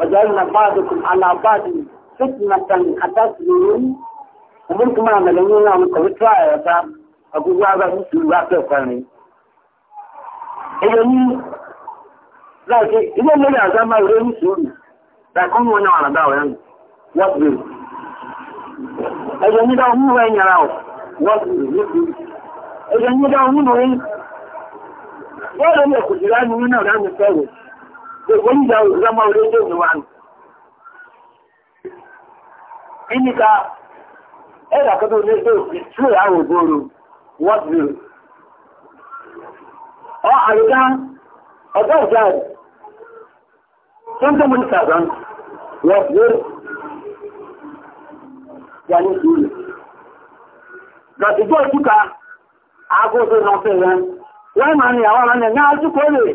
Speaker 1: وجعلنا بعضكم على بعض فتنة حتى تسلمون ومن كما مليون عم كبتوا يا تا أقول هذا مسلم لا تفهمني إذن لكن إذا لم يعزم غير مسلم لكن وانا على دعوة واصبر إذن إذا هم وين يراو واصبر إذن إذا هم وين ولا يأخذ الآن من أولاد الثالث da wanda zama wurin da zuwa ini ka era ka do ne do tu ya wo goro what do o alga o ga ja san ta mun ka zan what do ya ni su ga ti go tuka ago so no àwọn ne na ju ko le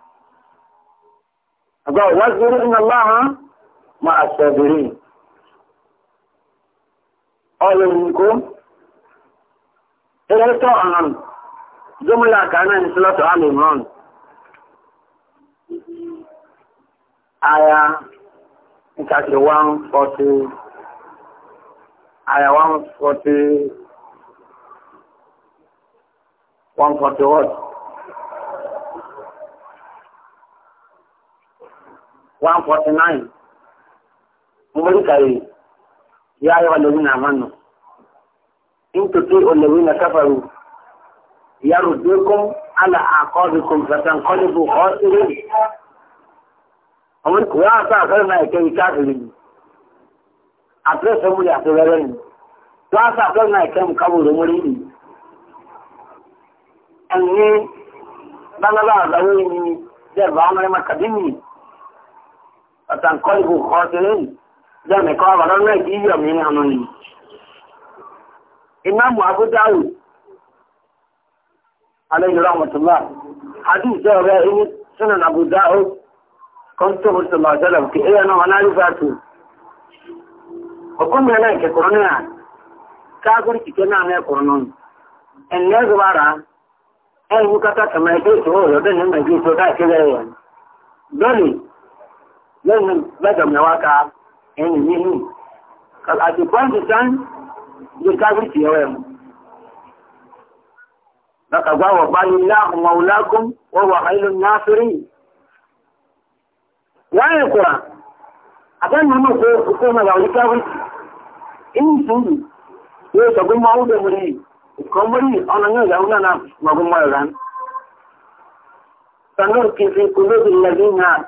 Speaker 1: Àgbà wàzúrú iná láha máa ṣẹ̀bìrì. Ọ̀rọ̀ ìrìnkó, ẹgbẹ́ tọ́ ọ̀ràn, jọmọ́lá kàánà ní sílọ́tọ̀ Alimran. Aya ìtàkì 140, aya 140, 140 words. one forty nine mori kari ya yi walewi na manu in tuti olewi na kafaru ya rudekun ala akọbikun fatan kọlibu ọsirin ọmọdé kò yá àtọ àfẹrẹ náà ẹkẹ yìí káàkiri ni àtúrẹsẹ múlẹ àtúrẹrẹ ni tó àtọ àfẹrẹ náà ẹkẹ mú kábò rẹ múlẹ yìí ẹni bánaláàdáwé ni dẹbà ọmọdé makadé yìí ọ̀tàǹkọ́lùkù ọ̀tẹ̀lẹ́yìn jẹ́ mẹ́kọ́ ọ̀rọ̀ náà kí yọ̀ mí hàn ní. ìmáàmù abúdáwù alẹ́yìn rahmatullah hadith ọ̀rẹ́ inú sínú abúdáwù kọ́ńtò mùsùlùmá sẹ́lẹ̀ kí ẹ̀yẹ náà wọn náà rí fàtó. káàkiri kìkẹ́ náà Yanzu let them waka and me him. Because at the point in time, you can't reach him. Laka gwa wa bali Allah maulakum wa wa khailun nasirin. Wani kura, a kan nuna ko hukuma ga wani kafirci, in sun yau sabon ma'u da muri, kan muri a nan yau zauna na magun mara ran. Sannan kifin kulobin lalina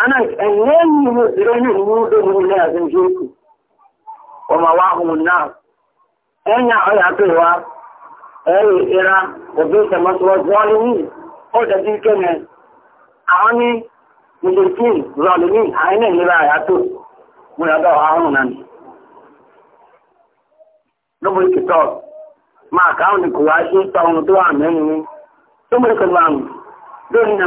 Speaker 1: ana enyeghị ihu irenye ihu udo n'ihu na otu. njiku ọmawa ahụ na enya ọya atụwa ẹ̀rì ìra òbí ìtẹ̀mọ́sọ́wọ́sọ́ alìmí ọ̀dẹ̀dí kẹ́mẹ̀ àwọn ní mìlìkín rọ̀lìmí àìní anyị na-enyere àrùn náà ni lóbùrí kìtọ́ na káwọn ní kò wá ṣe tọ́ ohun tó wà mẹ́rin ní tó mẹ́rin kẹ́lú na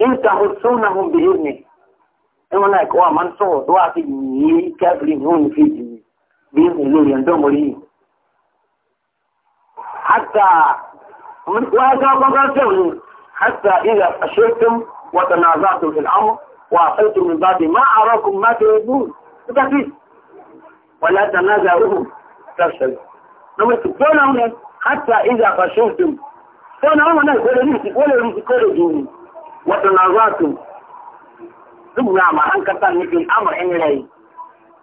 Speaker 1: in tahussunahum bi idni ẹwọn náà kọ́ àmà ń sọ̀rọ̀ tó wà sí yìí kẹ́fìrí ní òun fi jì bí ìlú yẹn dọ́mọ rí yìí. hata wọ́n á gbọ́ gbọ́gbọ́ sẹ́wọ̀n ní hata ilẹ̀ àṣẹ́tún wọ́tà náà bá tó fìlà ámú wà fẹ́tù mi bá dé má àrọ́kùn má tó bú nígbàtí wọ́n láta náà gà rúhù tẹ̀sẹ̀lẹ̀. nọmọ tí tó náà wọn hata ilẹ̀ àṣẹ́tún tó náà wọn náà kó watanazatu duk na ma an kasa nufin amur in rai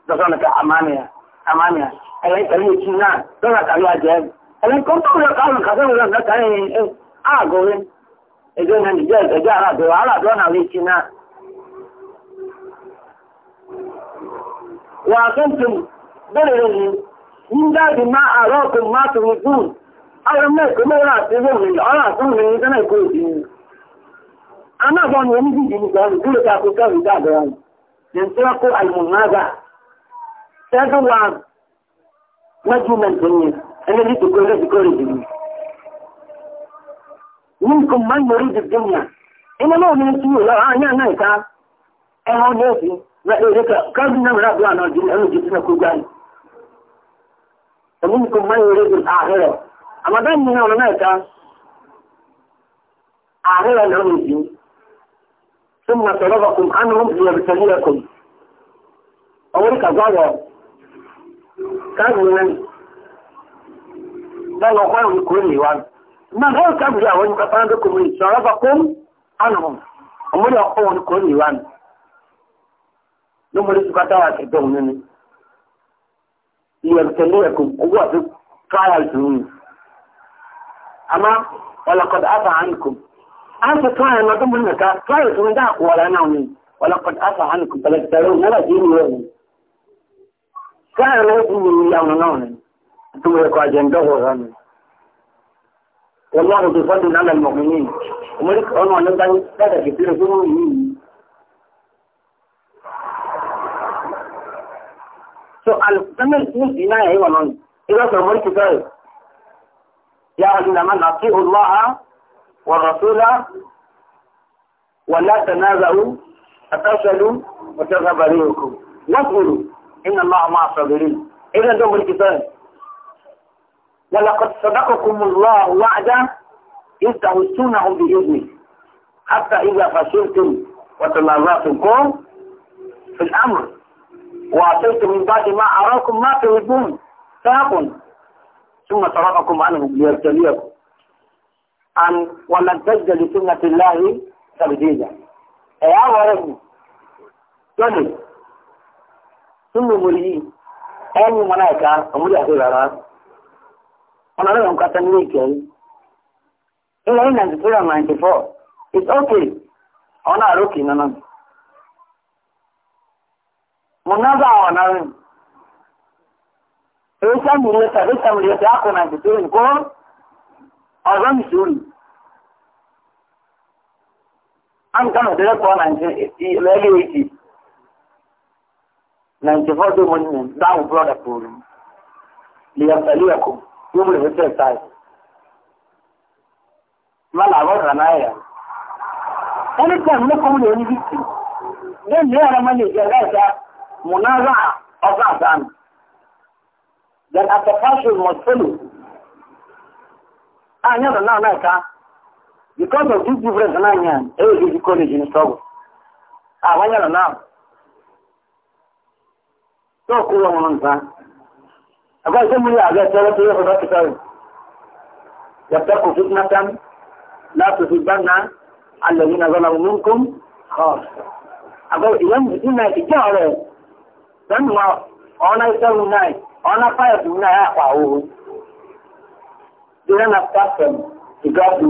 Speaker 1: da zama ta amaniya amaniya ayyai kare ci na don a karuwa jiyar ayyai kuma ya kawo kasar wajen da kare yin a gobe ejo na nijar ejo ara da don a rai ci na wa kantum bẹ̀rẹ̀ ni ń dáàbì máa àrọ́kùn máa tòun fún àwọn mẹ́kùn anáàbọ̀ ni oníbí ìdí nìkan ọ̀rùn gúrò ká kókó rí dáadọ́ ọ̀rùn ní tí wọ́n kó àìmọ̀nàdà tẹ́gùn wa mẹ́júmẹ̀ntì ni ẹni ní kòkó lè kókó rí dìbò ní kò má ń mọ̀rí dìbò ní à iná náà ní kí ìlọ ثم صرفكم عنهم ليبتليكم أول ظهر كان بل غير كل وان ما غير كم جاء وان كفاندكم صرفكم عنهم أمر يقول كل وان لما رسك تواك دونني ليبتليكم قوة trial to me أما ولقد أفى عنكم an ka kayan na kamar na ka kayan sun da wala na wani wala kan asa hannu ku talaktaro na da jini yau kayan na wasu yi yawon na wani tun da kwajen dawo rami wallahu bi fadlin ala al-mu'minin kuma duk wani wannan dan kada ki tira sun yi so al-tamil ni ina yayi wannan idan ka mulki kai ya ayyuha man atii'u allaha والرسول ولا تنازعوا أتصلوا وتذهب ريحكم واصبروا إن الله مع الصابرين إذا دوم الكتاب ولقد صدقكم الله وعدا إذ تحسونهم بإذنه حتى إذا فشلتم وتنازعتم في الأمر وأتيتم من بعد ما أراكم ما تحبون فاقوا ثم ترككم عنه ليبتليكم an walagajja li sunnati llahi tabdila e ya warani toni sunnu muri en malaika amuri akira ona leo mkata nike ila ina nzifira 94 it's okay ona aruki nana munaza wana Esa murieta, esa murieta yako na kituo ni kwa Azami suri. I'm kind of director 1980, 94 day morning, down brother program. Liyasaliyakum, you will return time. Mala àwọn ranaya. Anytime mo come to any victim, then there are many Jagaita, Munazaa, of Azan. Then at the passion must follow. Ah, no, no, no, no, because of this difference náà yàn ẹ yóò di college ní sọ́ọ̀bù àwọn yàrá náà na, kú wọn wọn nǹkan àbá ìṣe mú yà àgbẹ̀ tẹ́lẹ̀ tó yẹ fọ́fọ́ ti sọ́ọ̀bù yàtọ̀ kò fi náà tán láti fi bá náà alẹ́ yìí náà zọ́nà mú kún kọ́ àbá ìyẹn mú sí náà ìjẹ́ ọ̀rẹ́ sẹ́nu wa ọ̀nà ìṣẹ́nu náà ọ̀nà fáyọ̀tù náà yà pa owó. Ìrẹ́nà pàṣẹ ìgbàgbọ́.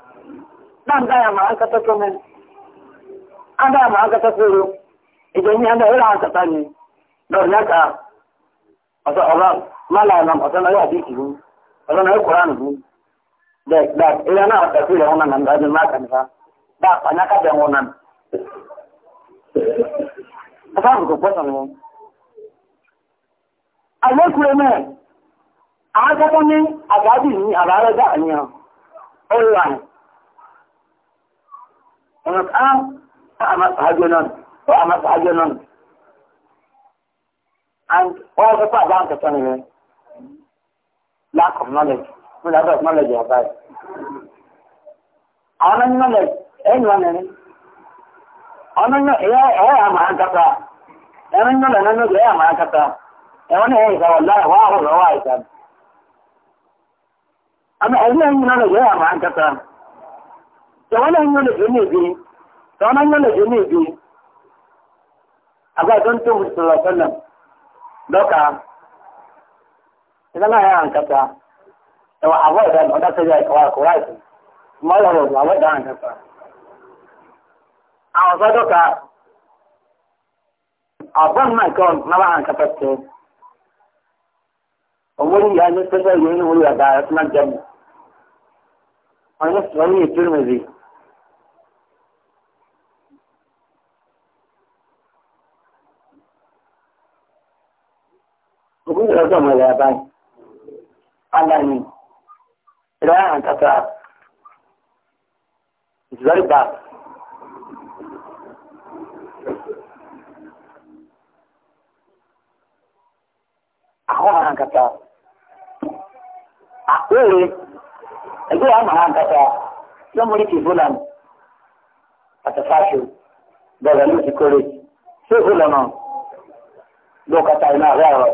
Speaker 1: dáadáa yà máa kẹtọ́ tó mẹ́rin ádáa máa kẹtọ́ tó rú ìjọ ní ẹgbẹ́ ìlà àkàtà ni lọ́rọ̀ yàtà ọ̀sọ̀ ọ̀rọ̀ mọ́là na ọ̀sẹ̀ náà yà bí ìkìlú ọ̀sẹ̀ náà kúrò ànùbí bẹ́ẹ̀ ilẹ̀ náà tẹ̀sí ìrẹ̀ wọn na nà ní máa kànífà dáa pànyákà bẹ̀ wọn nà ọ̀sẹ̀ àbùkù pọ̀sọ̀ ni wọn. àlékúrẹ́ mẹ́ àákẹ́kọ́ ní ọ̀nà tá ah, a máa ṣàájọ́ náà tó a máa ṣàájọ́ náà and all the part down to twenty minutes lack of knowledge when lack of knowledge yà báyìí ọ̀nà knowledge ẹ̀yìn wọn nìyẹn ọ̀nà ẹ̀yà ẹ̀yà máa ń kata ẹ̀yìn knowledge ẹ̀yà knowledge ẹ̀yà máa ń kata àìsàn ọ̀nà ẹ̀yìn knowledge ẹ̀yà máa ń kata. tẹ̀wọ́n náà ń yọ lẹ́jọ́ ní èdè yìí tẹ̀wọ́n náà ń yọ lẹ́jọ́ ní ya yìí. àgbàdo ń tó wùsùn lọ sọ́nà lọ́ka ìdáná yà hàn kata ẹ̀wọ̀n àbọ̀ da ọ̀dà sẹ́jà ìkọ̀wá ìkọ̀wá ìsìn mọ́ ọ̀rọ̀ ọ̀dọ̀ àbọ̀ ìdá hàn ya àwọn sọ́dọ̀ ka àbọ̀ ya kọ́ náà hàn kata tẹ̀ ọ̀wọ́n yìí ya ya ọjọ́ ọmọ ilẹ̀ àbáyé alani ìdáyà àǹkàtà it's very bad àwọn àǹkàtà àpẹẹrẹ ẹgbẹ́ àwọn àǹkàtà lọ́mọdé ti bọ́lá àtàfáṣọ bẹ̀rẹ̀ ló ti kórè ṣé ìfúnlọ́nà lókàtà iná àárọ̀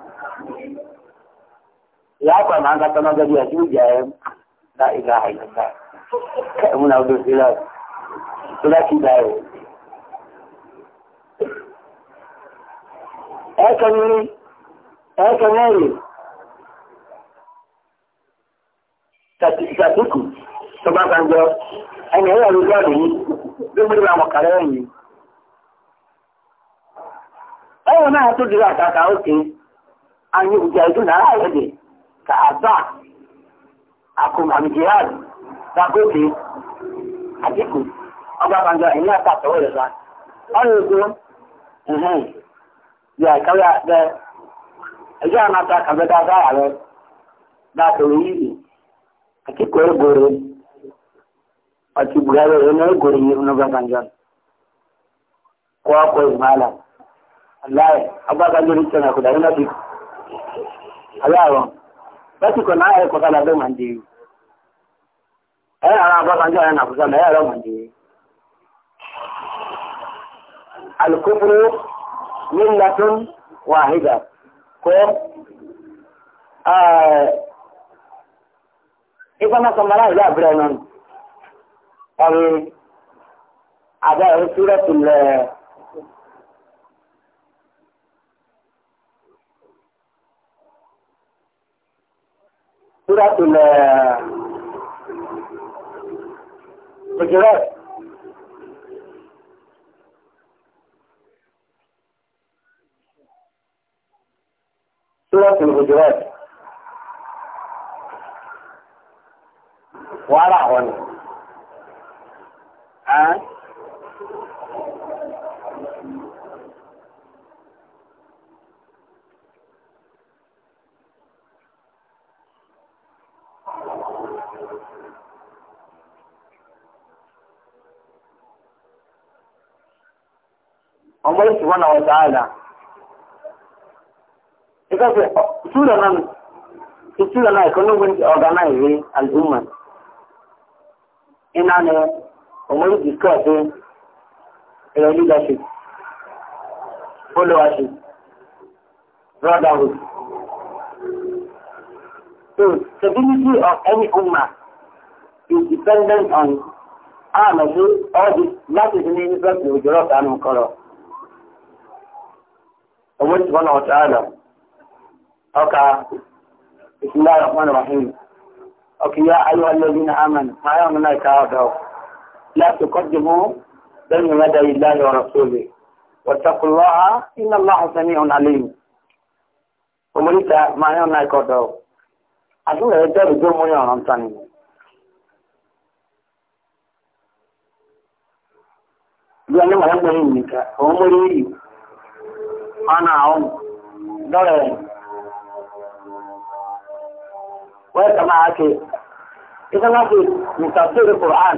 Speaker 1: láàpá na ń ga tọ́nà gẹ́gẹ́ bí ẹjú ìjà ẹ̀ bá ìgbà àìlọ́gbà kẹ́ẹ̀mú náà ọdún sí láì tó láti ìgbà ṣàtìkù tó bá gbàgbọ́ ẹni ẹ̀rọ ìlú ọ̀dọ̀ yìí ló mú ìlànà kàrẹ́ ẹ̀yìn. ẹ̀wọ̀n náà tó dìrò àtàkà ìjà ìdúnà ka azaa akumamijihad takoke atiku ọgbàkanjọ ìní àtàtọwọ ìrẹsà ọrọ ètò ẹhẹn yà ìkàwé àtẹ ẹjọ àmàta kàbẹta sáyà rẹ dákòrò yìí atiku ẹgbòrò ọtí buhari ẹni ẹgbòrò yìí ní ọgbàkanjọ kọ́ ọkọ̀ ìmọ̀lá aláì ọgbàkanjọ ní na kò dàrí náà ọrụ. lásìkò náà ẹ̀kọ́ tá a lọ máa ń di ewu ẹ̀ ara abákanjọ́ ẹ̀ nà fúnṣọ́ náà ẹ̀ lọ máa ń di ewu. alukófúrú nílùú wàhídà kó ìfọ́nà sọmọlá ìlú àbúrẹ́ náà ọ̀rẹ́ àbẹ́ ẹ̀rọ سورة الحجرات سورة الحجرات ورع ها ọmọ yìí ṣùgbọ́n àwọn sáàdà ìkọ́sẹ̀ ṣúlọ náà ìṣúlọ náà ìkọ́nọ́gbọ̀n ti ọ̀gánáìwé al'umma iná ni ọmọ yìí discọ́sẹ̀ ẹ̀rọ leadership followership brotherhood so stability of any umma is dependent on àmọ̀ sí all the láti ṣe ní ìfẹ́ ìjọ́rọ̀ kanú kọ́rọ̀. ومن سبحانه وتعالى أوكا بسم الله الرحمن الرحيم أوكي يا أيها الذين آمنوا ما يوم الله كافر لا تقدموا بين يدي الله ورسوله واتقوا الله إن الله سميع عليم ومن ما يوم الله كافر أشوف هذا بدون ما يوم bí ọlọ́wọ́ ẹgbẹ̀rún nìkan àwọn ọmọ orí yìí subhana ahun lọ́rẹ̀ rẹ̀ wọ́n kama ake ita ma ke mutafsir Qur'an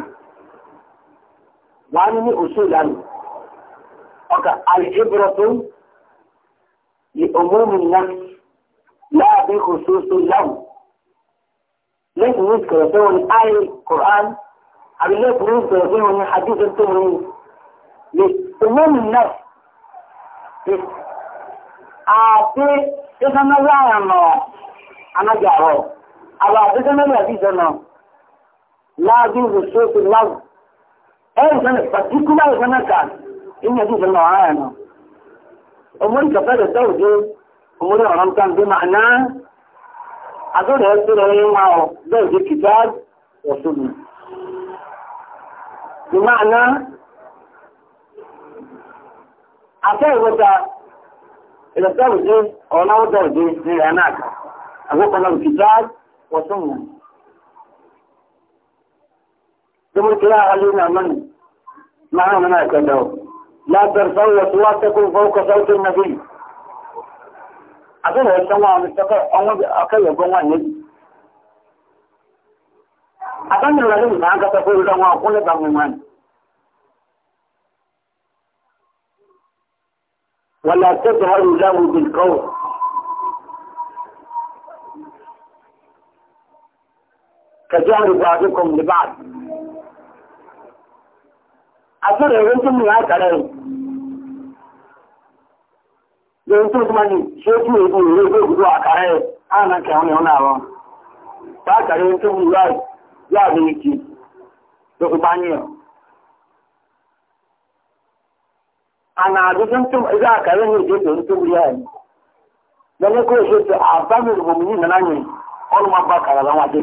Speaker 1: wani ni usulan oka al-ibratu li umumin nan la bi khususu lahu lẹ́yìn ní tó Qur'an àbí lẹ́yìn ní ìkẹ̀rẹ̀ tó wọn ni àti ìsànmọ́lá àrànà anájàrọ̀ àwọn àtẹ́sẹ́mẹ́lẹ̀ àbíjọ́nà láàbí ìrùsọ́tò láwù ẹ̀rùsọ́nà pàtíkúlá omori omori ẹ̀yìn máa ọ̀ bẹ́ẹ̀dé kìtà ọ̀ṣọ́lù bí náà àfẹ́ ìwọ́ta إذا سألوا إيه أو لا وضع دي دي هناك أقول لهم كتاب وسنة ثم الكلاء علينا من معنا هناك له لا ترفعوا أصواتكم فوق صوت النبي أقول لهم سواء مستقر أقول لهم النبي أقول لهم أنك تقول لهم أقول لهم ولا تظهر له بالقول كجهر بعضكم لبعض أثر ينتم يا كلام ينتم من شيء يقول يقول يقول أكره أنا كأني هنا أبغى فأكره ينتم يا يا بيتي تقبلني a na-agụzi ntụihe akara ihe eji eto ntụgburi anyị ya kó èso ti àbámi ìròmí yìí nana yìí ọ̀nà máa bá kàrà láwọn adé.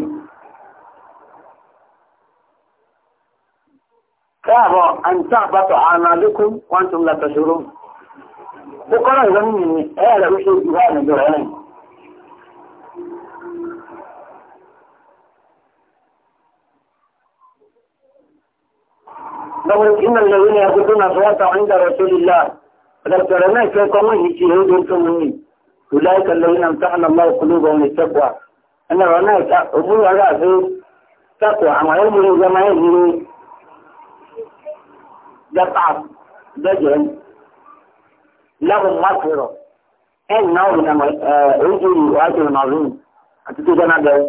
Speaker 1: káàbọ̀ àǹtá àbátọ̀ ànàlékún ndị tún lọ ya ó kọ́ra ìrọ́mí yìí ẹ̀rọ ìṣe لو إن الذين يقولون الصلاة عند رسول الله لو ترمي فيكم يجيهود مني أولئك الذين امتحن الله قلوبهم للتقوى أنا رأيت أبوي على في تقوى أما يوم الجماعين قطع دجن لهم مغفرة إن نوع من أجر وأجر عظيم أتتوجه نادر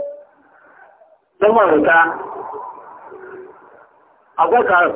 Speaker 1: ثم ركع أبوكر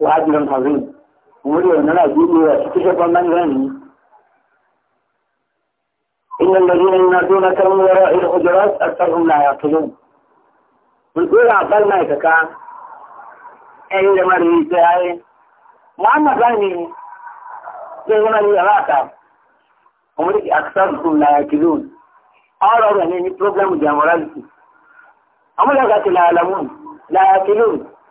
Speaker 1: وعدل عظيم ومريد أن أنا أجيب له شكشف من غني إن الذين ينادونك من وراء الحجرات أكثرهم لا يعقلون بنقول عقل ما يتكا أي لما ريت أي محمد غني زي ما لي أراك ومريد أكثرهم لا يعقلون أرى يعني أن هي بروبلم جامورالتي أما لا يعلمون لا يعقلون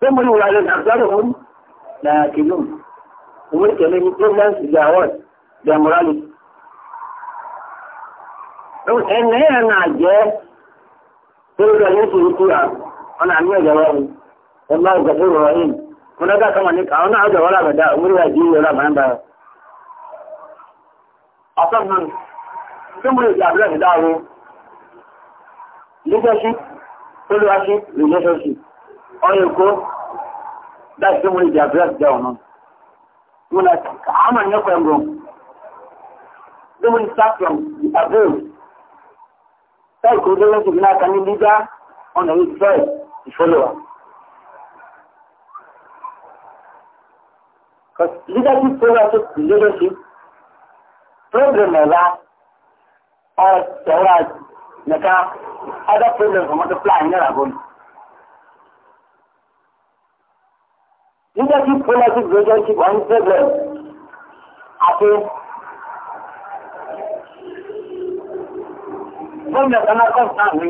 Speaker 1: ثم الولادين أكثرهم لاكلون وملك لهم إلا دعوات بأمرالي إن هي أنا عجاه تلك الناس يتوعى أنا عمي جوابي والله غفور رحيم هناك كما نك أنا عجا ولا بدا أمري أجي ولا بنبا أصلا ثم الإسلام لا بداره leadership, followership, relationship oyoko da shi muri da biyar da wannan muna aman ya kwango domin sakon abu sai ko da yake na kan lida on the side the follower cuz leadership follows to leadership problem la or tawaj naka other problem from the plan na ragon Leadership scholarship relationship on problem àti gómìnà sanakọ́n sáàmì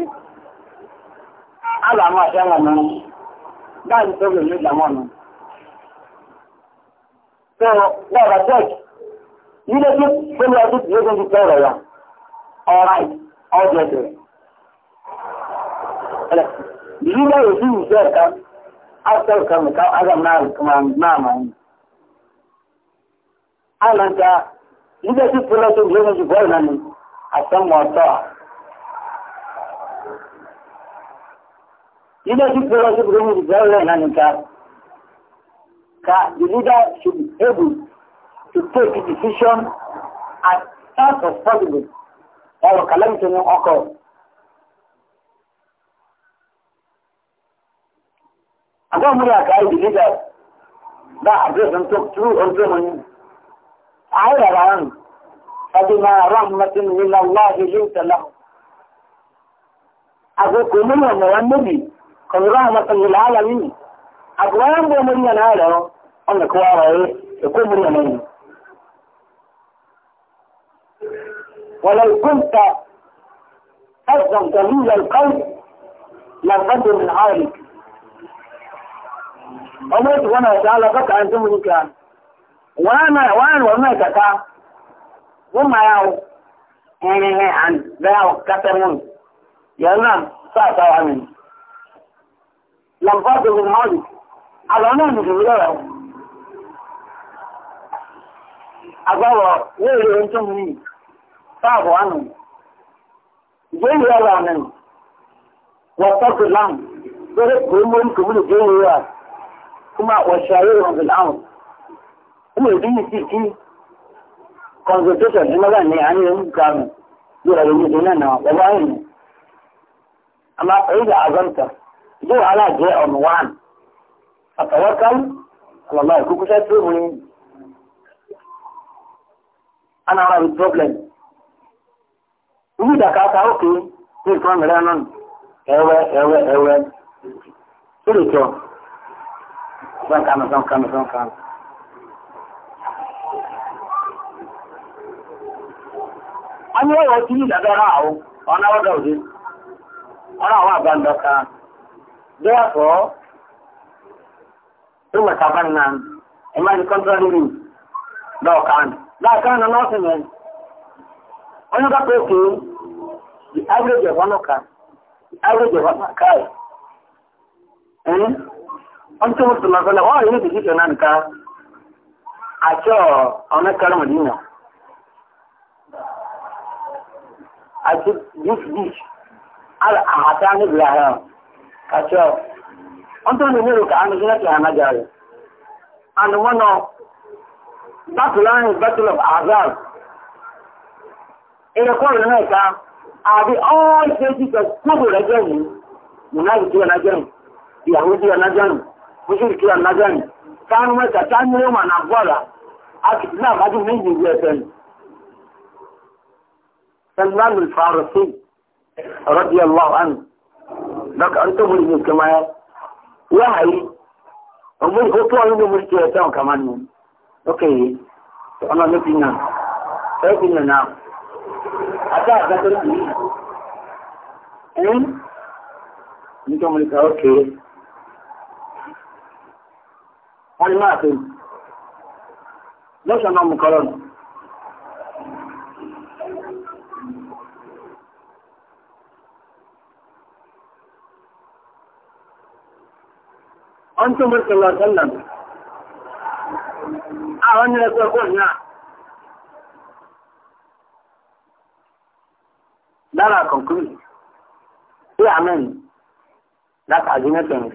Speaker 1: alàmọ́ àti àwọn ọmọ báyìí problem ní ìdàmọ́ ọ̀nà. So, lọ́ọ̀rọ̀ tech, leadership scholarship relationship tẹ́rọ ya, all right, all right. Leader is who is there, asal kam ka agam na kuma na ma alan ka ida su kula su gona su gol nan asan wata ida su kula su gona su gol nan ka ka the leader should be able to take a decision as fast as possible or calamity no occur أقول مريا كأي جديدة ده حديث أنتم تروح أنتم عيرا رأيان فبما رحمة من الله جئت له أقول كلنا مغنبي كم رحمة للعالمين أقول أنا مريا هذا أنا كوارا إيه يكون مريا مني ولو كنت أصلا قليل القلب لغدر من عارك ọmọ ètò wọn náà sáà lọ́kọ́ mú ní kíá wọn náà wọn náà máa yà wọ na hẹ àn mú ní yẹn náà sáà tó fi mọ́ ọ́dì nìkú lọ́rọ̀ ohun tó mú ní wọ́n tọ́kù láàmù kuma washawirin bil'amur kuma yi dini si ki consultation ne an yi yin zuwa da yi na wabayin ne amma tsaye da azanta zuwa ala je on one a tawakal alamai ku kusa ana wani problem Ibi da ka ta oke, ne kuma mìíràn náà, ẹwẹ́ ewe ewe ewe. Vai, calma, calma, calma, calma, calma. Anyị ọrụ otu yi ọ na-awada ụdị. Ọ na-awụ agba ndọka. Dịafọ, ịnweta e ban na ịmadị kọntrọlị ru dọkan. Dọkan nọ n'ọsị average of ọnụ ka, the average of ọtí mo sọ̀rọ̀ sọ́lẹ̀ wọ́n rí ní ìdíjì náà nìkan àti ọ̀nà kẹrìnmọ̀ nínú àti bíṣbíṣ àhàtà ní ìbìlára kàtí ọ̀ ọtí mo nílò ká ánú gínẹ́tì ànájà rẹ̀ àni wọ́n nọ bátùláyìn battle of azar ìrẹ̀kọ́ rẹ̀ náà ká àbí ọ́ọ́ ìṣẹ́ ìṣẹ́ kúrò rẹ̀ jẹ́ yìí mùnáàbí tí wọ́n náà jẹ́ yìí ìyàwó tí wọ́n náà mushiriki allagani kanu mẹ́ta tánú yóò máa nàgbọ́ra a ti ní àbájú méjì ìwé ẹ̀fẹ́ ni salman al-farisi radiyallahu anhu daga an tó múlì ní kama ya ya hayi ọmọ ìkó tó ọyún ní múlì ẹ̀fẹ́ ọ̀n kama ni ok ọ̀nà ní pinna ẹ̀ pinna náà àti àgbàtọ́ ní ìyí ẹ̀yìn ní tó múlì ká wani máa tó lọ́sọ̀ náà nù. wọ́n tún bó sọ̀rọ̀ àwọn ní ẹgbẹ́ kò ní à sí látàrí mẹ́tẹ̀rin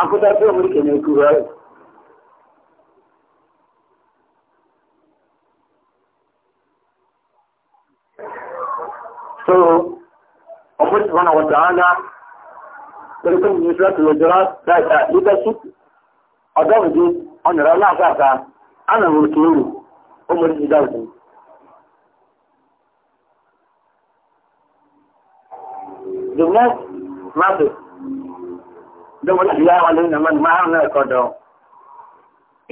Speaker 1: akụta pe omerike na-ekuru ọrụ so ọmọdé wọn àwọn tààlà pẹ̀lú ní ìṣẹ́ leadership ọ̀dọ́mìdí ọ̀nàrà aláàkáàkà the next matter دوما الحياة ولين من معنا قدو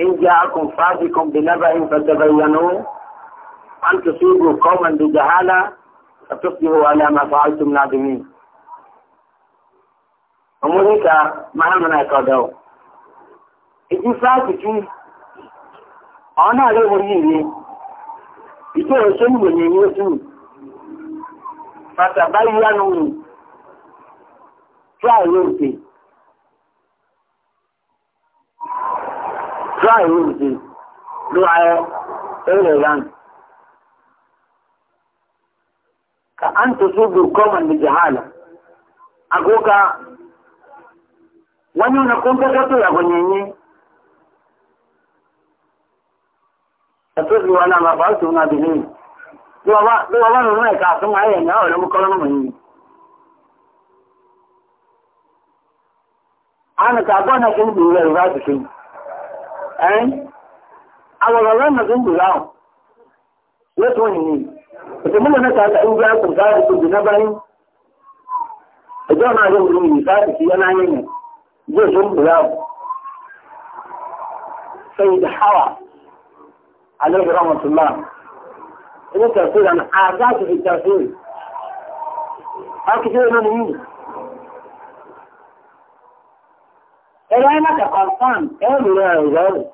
Speaker 1: إن جاءكم فاسق بنبأ فتبينوا أن تصيبوا قوما بجهالة فتصبحوا على ما فعلتم نادمين أمريكا معنا قدو إذن فاسقين أنا لو مريني إذن رسول من يموتون فتبينوا فعلوا فيه dry wood dị dry ereran ka an tusudu koman da jihala agoka wani wani kun kasa to ya gwanyenye a tuzu wani ma ba su na bini duwa ba nuna ya kasu ma yayin yawon da mukarar mai ana ta gwana shi ne biyar za su shi ẹ́n eh? awọ̀rọ̀rọ̀ mẹ́rin jù láwọ̀ lẹ́tọ̀ yìí ìtẹ̀mọ́lẹ̀ mẹ́ta ta ń gbá kò sáré tó jù náà báyìí ẹjọ́ náà yóò rí mi sáré sí yẹn náà yẹn yóò ṣe ń bù láwọ̀ sẹ́yìn ti háwà alẹ́ ìrọ̀ wọn tó láà ẹni tẹ̀sí ìlànà àgbà tó fi tẹ̀sí akíkéré náà nìyí ẹ̀rọ ẹ̀ má kà kọ̀ǹfàm ẹ̀rọ ìrọ̀ ẹ̀rọ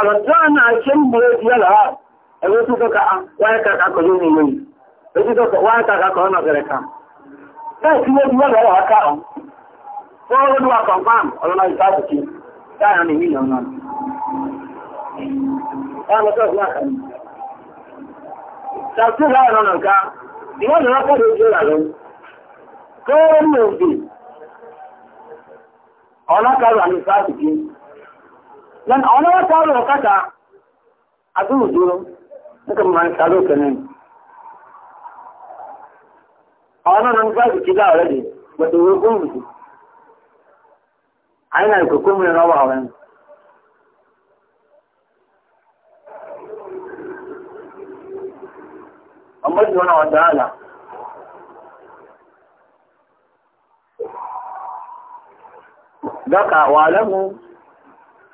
Speaker 1: àlọ́tíwánà ṣe ń mọ̀ ya yàlàwà tó kọ́kà wáyé kàkà kọ̀ yóò nílò tó wáyé ọ̀nà bẹ̀rẹ̀ kan bẹ́ẹ̀ tí wọ́n ti lọ́wọ́ ká ọ̀n fún ọdún wa kọ̀ǹpán na ní ìlú ọ̀nà lan a wani wata wani wakata a zuwa duro suka ma tsaro ka nan a wani nan za su ci za a rage wata wuri kun mutu a yana da kukun mai rawa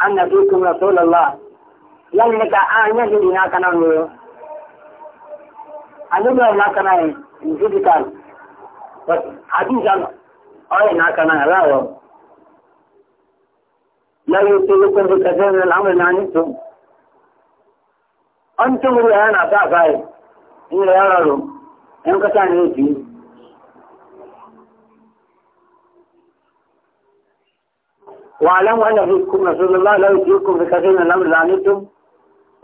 Speaker 1: an nabikum rasulullah yan ne ka an yan hidi na kana no annabi na kana ne hidi kan hadisan ay na kana rawo la yusilukum bi kathirin min al-amr la antum antum na ana ta kai in oh. ya raro in kasa na ya ki واعلموا أن فيكم رسول الله لا يطيعكم في كثير من الأمر لعنتم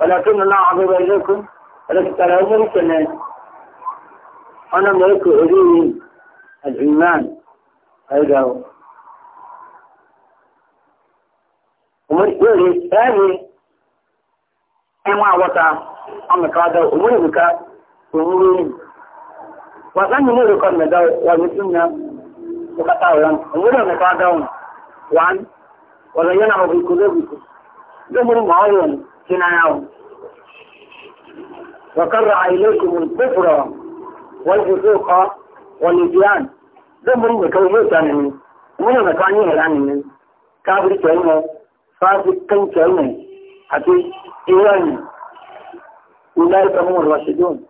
Speaker 1: ولكن الله حبيب إليكم ولكن ترى أمرك أنا ملك أريد الإيمان هذا هو ومن يقول هذه أنواع وطا أما كذا ومن بكا ومن وكان من يقول مدى ومثلنا وكتاولا ومن يقول مدى وان وزينه في قلوبكم دبر معين كناياهم وكرع إليكم الكفر والفسوق والنسيان دبر مكوهيتا من من مكانيه الآن من كافر كلمة فاسق كم كلمة حتي إيران أولئك هم الراشدون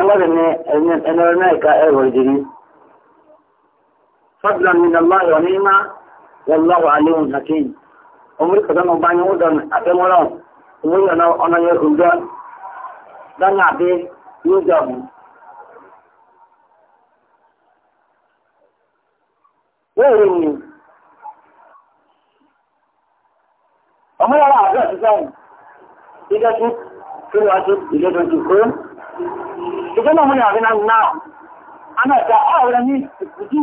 Speaker 1: أولا أن أنا أنا أنا أنا أنا أنا أنا wallahu alimun hakim umri ka zama ban yau da abin wala umri na ona ya ruga dan abi yuga mu wẹ́rẹ́ ni ọmọ yàrá àjọ àtìsáyìn ìdẹ́jú fílò àti ìdẹ́dọ̀jú kó ìdẹ́nà mú ní àrínà náà a náà ta ọ̀rẹ́ ní ìpùdí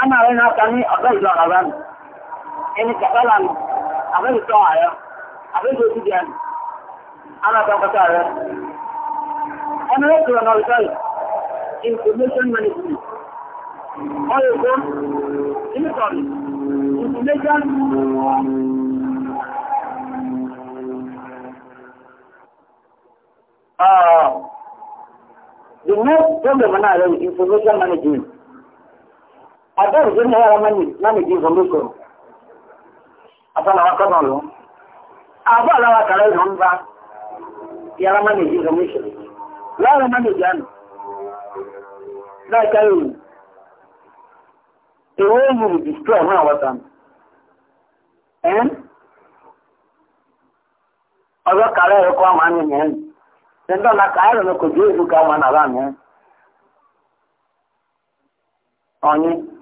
Speaker 1: ana rẹ̀ náà ta ní àbẹ́jọ àrà ní ẹni kàtàlà ní àbẹ́jọ àyà àbẹ́jọ ti jẹ́ ana tàbátà rẹ̀ ẹni rẹ̀ kìrọ̀ ah, náà rẹ̀ information management ọ̀yọ̀kọ́ imitọ̀rì information Uh, the next problem now is information management. Ada di sini ada mani, mani di kondisi. Apa nama kau tahu? Apa nama kalau hamba? Ya ada mani di kondisi. Lah ada mani jan. Dah kau. Ewe yuri destroy mana watan? Eh? Ada kalau aku amani ni. Tentang eh? nak kalau eh? Onye. Oh,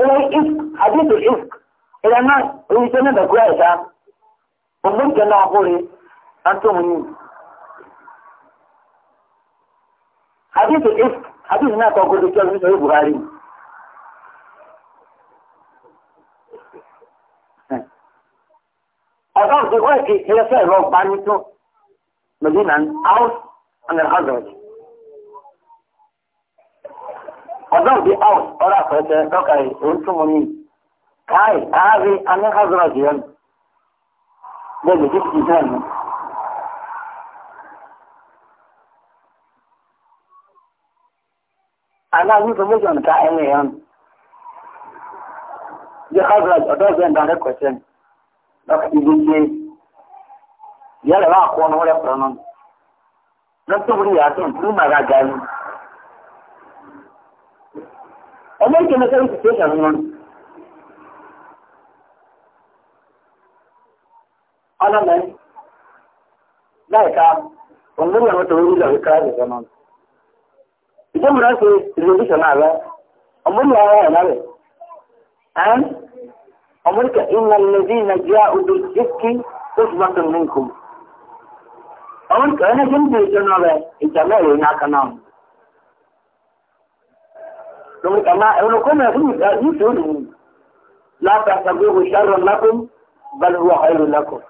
Speaker 1: إلى الإفك حديث الإفك إلى الناس ويسمى بكوائسة وممكن نعقولي أنتم منين حديث الإفك حديث الناس وقل لك من سعيد بغاري أقام دلوقتي هي سعر ربعني مدينة عوض عن الحضرة although the house or after uh, okay unto money kai ave ane hazra giyan de de kit giyan ana ni to mojon ka ene yan ye hazra odo ben da ne question da ki ji yale ba ko no le pronon na to buri ya to ma Amurka na karin su sai shafi wani. Ana nan, za ka, wannan na mata wuri da ka da zama. Idan mura su zai sana'a ba, Amurka ya yana bai. An? Amurka inna lalazina ja'u bil jikki usbatun minkum. Amurka yana jin bai jana bai, ita mai yana kanan domin amma wani kuma eh, sun da yi to ne la ta sabo ko sharrun lakum bal huwa khairun lakum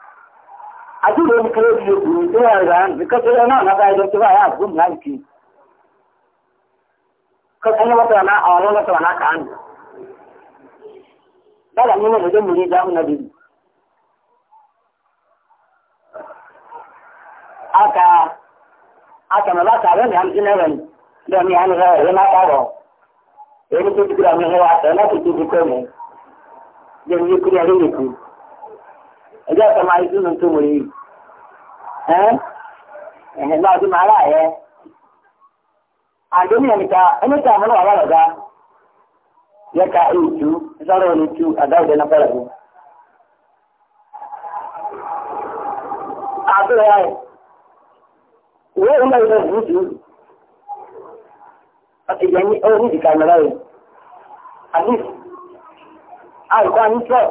Speaker 1: a duk wani kare da ku to ya ga an ka sai na na ga da ba ya kun nan ki ka kuma wata na a ni ne da mu ne aka aka ma ba ta ran da an ina ran da ni an ga yana ƙaro èyí tó ti gbé àmì ẹ̀rọ àtẹ láti tó ti kọ́mù jẹ́ ní kúrò àrí ìkú ẹjọ́ ìfẹ́ máa dúnú tó wọ̀ yìí ẹ̀hìn náà ọdún máa láàyẹ àdéhùn ẹ̀nìkà ẹ̀nìkà àmúlò àwọn ọ̀gá yẹ ká ètú sọ́rọ̀ ní a àdáwùjẹ náà pẹ̀lú. àbúrò ẹ̀ wọ́n ń bá ìfẹ́ fún ìyẹ̀wé ọ̀rún ìkàmẹ́rà rẹ̀ àlif àìkọ́ àníṣọ́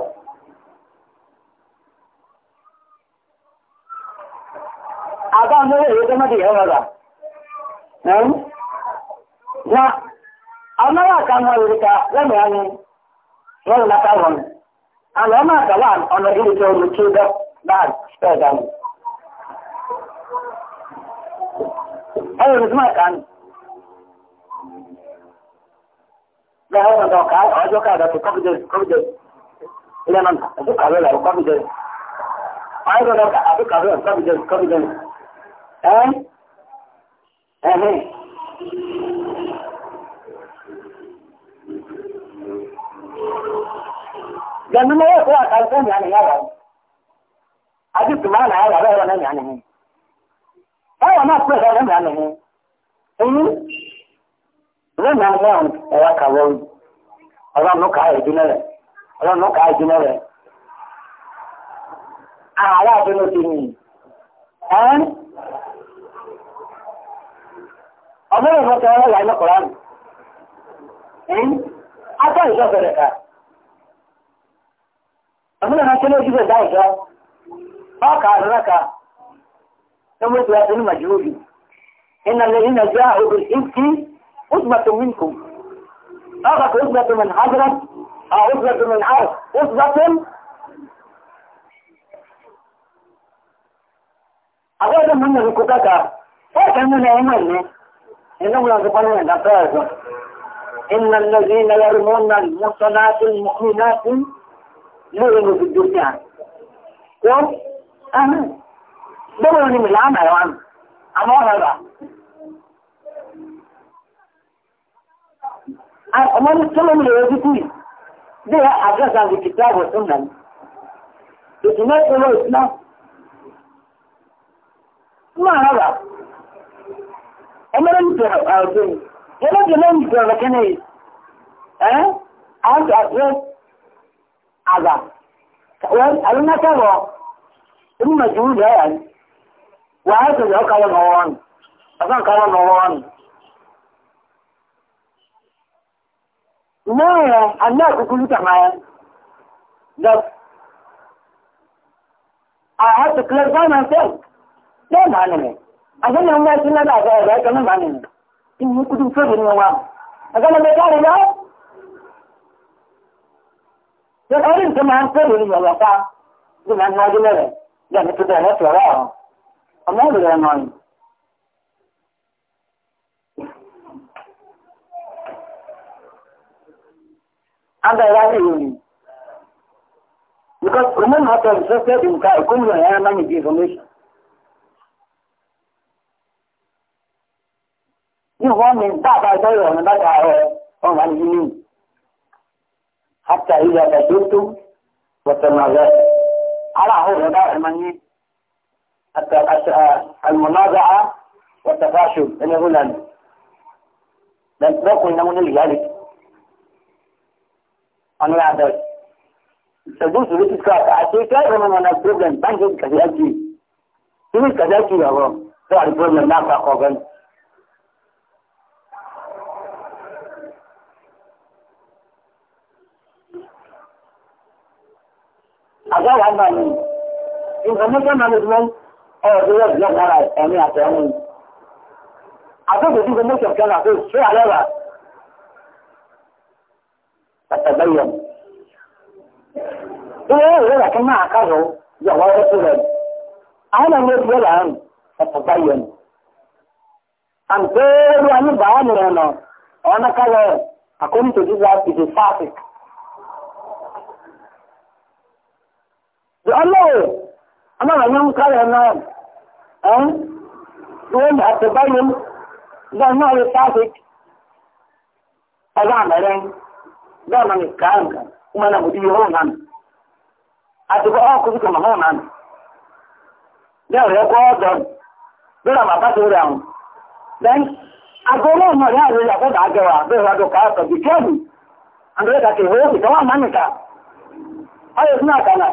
Speaker 1: àbá mẹ́rẹ̀ èyí tó mọ́dé ẹ̀rọ rà na ọmọrà kan wọ́n rí ká lẹ́mìí ayé wọ́n rí lápá wọn àmọ́ ọmọ àgbàwà ọ̀nà ìlú tó rú tó dọ́ báà spẹ́ẹ̀dánù ẹ̀rọ ìdúmọ̀ kan لا هو ده وقع عايز وقع ده تقبض تقبض إلى من أبوك على تقبض عايز وقع أبوك على تقبض تقبض ها ها لأن ما يقوى تعرفون يعني يا عجبت معنا على غير يعني هو ما أقول غير يعني هو ló na mú àwọn ọrụ kàwọ́ yìí ọlọ́run ló kàá ìdúná rẹ̀ ọlọ́run ló kàá ìdúná rẹ̀ ààrẹ àdúró ti nìyí ẹ́n ọmọ ìwọ̀n tó ọlọ́yà iná kọ̀ọ̀rọ̀ àmì ẹ̀yìn akọ́ ìjọ bẹ̀rẹ̀ ká ọmọ ìwọ̀n tó lójú bẹ̀rẹ̀ dáìjọ́ ọkà àdúrà ká tó ní ìnàlẹ̀ أسبة منكم أخذ أسبة من حضرة أو أسبة من عرف أسبة أقول من أنه كتاكا فأكل من أمان إنهم يزبطون أن أفرازوا إن الذين يرمون المصنات المؤمنات لعنوا في الدنيا يوم أمين دولوا من العمى يا عم أمام هذا amani sallam da ya zuku zai ya adresa da kitabu sunan da tuna tsoro isna kuma haɓa amaran da a wajen yana da nan da rake ne eh a wata adres aza wani alina tabo in majiyu da yayi wa haka da ya kawo na wani a kan kawo na wani Now, I'm not a good man. That I have to clear clarify myself. No, man, no. I don't know what's in that. I don't know, man. You couldn't fit in your one. I don't know what I'm saying. Then I didn't come and fit in your one. Then I'm not in it. Then it's a better for all. I'm not with ada ya ni because common hot of success in ka ikun na ya na mi information ni wa mi ba ba do yo na ba ka e o wa ni ni hatta ila ta dutu wa tamaza ala ho da mani hatta المنازعة والتفاشل إنه لن لن تكون نمون الجالس another adult. So those related crap, I say, try to remember that problem, thank you, Kajaki. He will Kajaki, you know, so the problem, not that organ. Agar anda ni, information management, eh, dia dia cara, ini apa ini? Apa betul information kan? Apa? Saya ada lah. فتبين إيه إيه لكن ما عقله جواب سلم أنا مثل الآن فتبين أن كل أن بأمر أنا أنا كلا أكون تجزع في فاسق الله أنا ما ينكر أنا أه وين أتبين ده ما هو فاسق أنا مرن dama ni kaanga kuma na mudi ho nan atuko o ku kuma ho nan ya re ko do bela ma ba so re an then agoro mo ya re ya ko da ge wa be wa do ka so bi kemu andre ka ke ho ki to ma ni ka ayo na ka na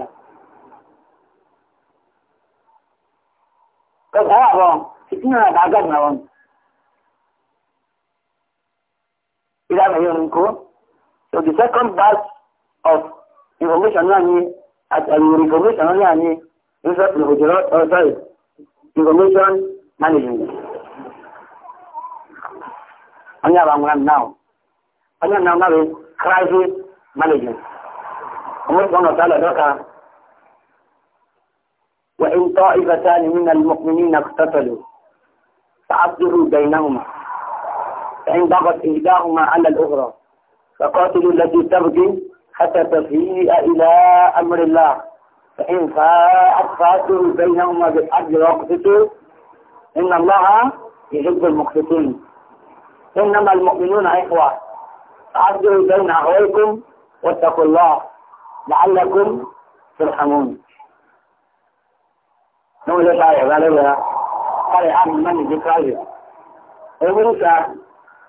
Speaker 1: ko ba ba kitna da ga na won ila me yon ko So the second batch of information yani at an information yani is that the or information management. And yeah, I'm now. And yeah, now now is crisis management. Allah subhanahu wa ta'ala ذكر وإن طائفتان من المؤمنين اقتتلوا فأصلحوا بينهما فإن بغت إحداهما على الأخرى فقاتل التي تبغي حتى تفيء إلى أمر الله فإن فاءت فاتوا بينهما بالعدل واقسطوا إن الله يحب المقسطين إنما المؤمنون إخوة فعدوا بين أخويكم واتقوا الله لعلكم ترحمون نقول لك غالبا قال يا عم من ذكرى يقول لك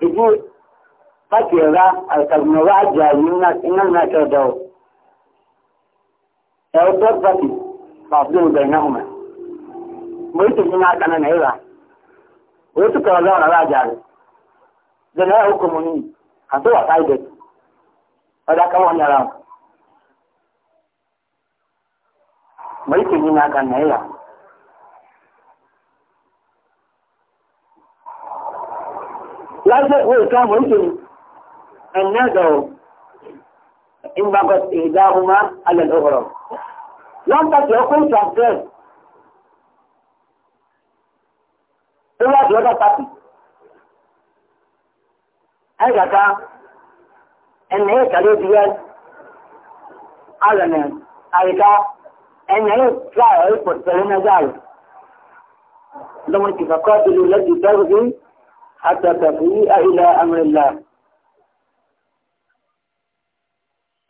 Speaker 1: يجي kake ra alkalmawa ajiyar ina na kyau da yau dabbati ba su bai na umar mai tafi na na ira wai su kawo zaura ra ajiyar da na yau kuma a so wa kaidai wadda kan wani ran na kana na ira láti wọ́n ìka mọ̀ النذر إن بقت إهداهما على الأخرى لم تتركوا شخصين إلا جودة تاتي هذا كان إن هي كاليبيا على من أيضا إن هي كاليبيا يقتلون ذلك لما اتفاقات الذي تغذي حتى تفيئ إلى أمر الله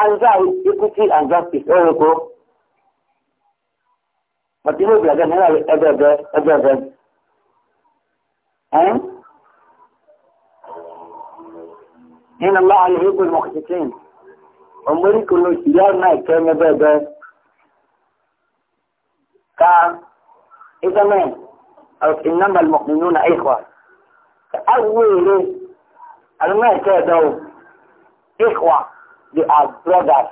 Speaker 1: anza equity and justice ẹ̀rọ kó pàtí ló bìlẹ̀ náírà ẹgbẹ̀ẹ̀bẹ̀ ẹgbẹ̀ẹ̀bẹ̀ ẹ̀ẹ́n nínú bá a lè rí pé mọ̀kìtìtìn ọmọrí kò lọ sí yára náà kẹ́ ẹgbẹ̀ẹ̀bẹ̀ ká ìsẹ́mẹ̀ ìnáma mọ̀kìnínú náà ẹ̀kọ́ ká àwọn èrè àrùn náà kẹ́ ẹ̀dọ́ ẹ̀kọ́ They are brothers.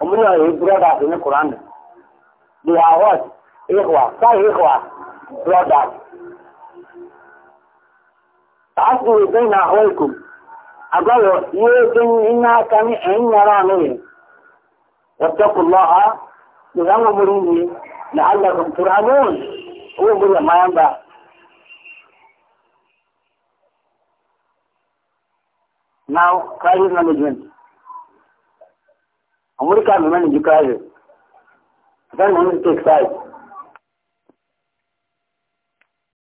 Speaker 1: Omuni are brothers in the Quran. They are what? Ikhwa. Say Ikhwa. Brothers. تعصوا بين أخويكم أقولوا يؤذن إنا كان إن يراني واتقوا الله لغم مريني لعلكم ترعبون هو مريا ما Now, crisis management. America women because then women take sides.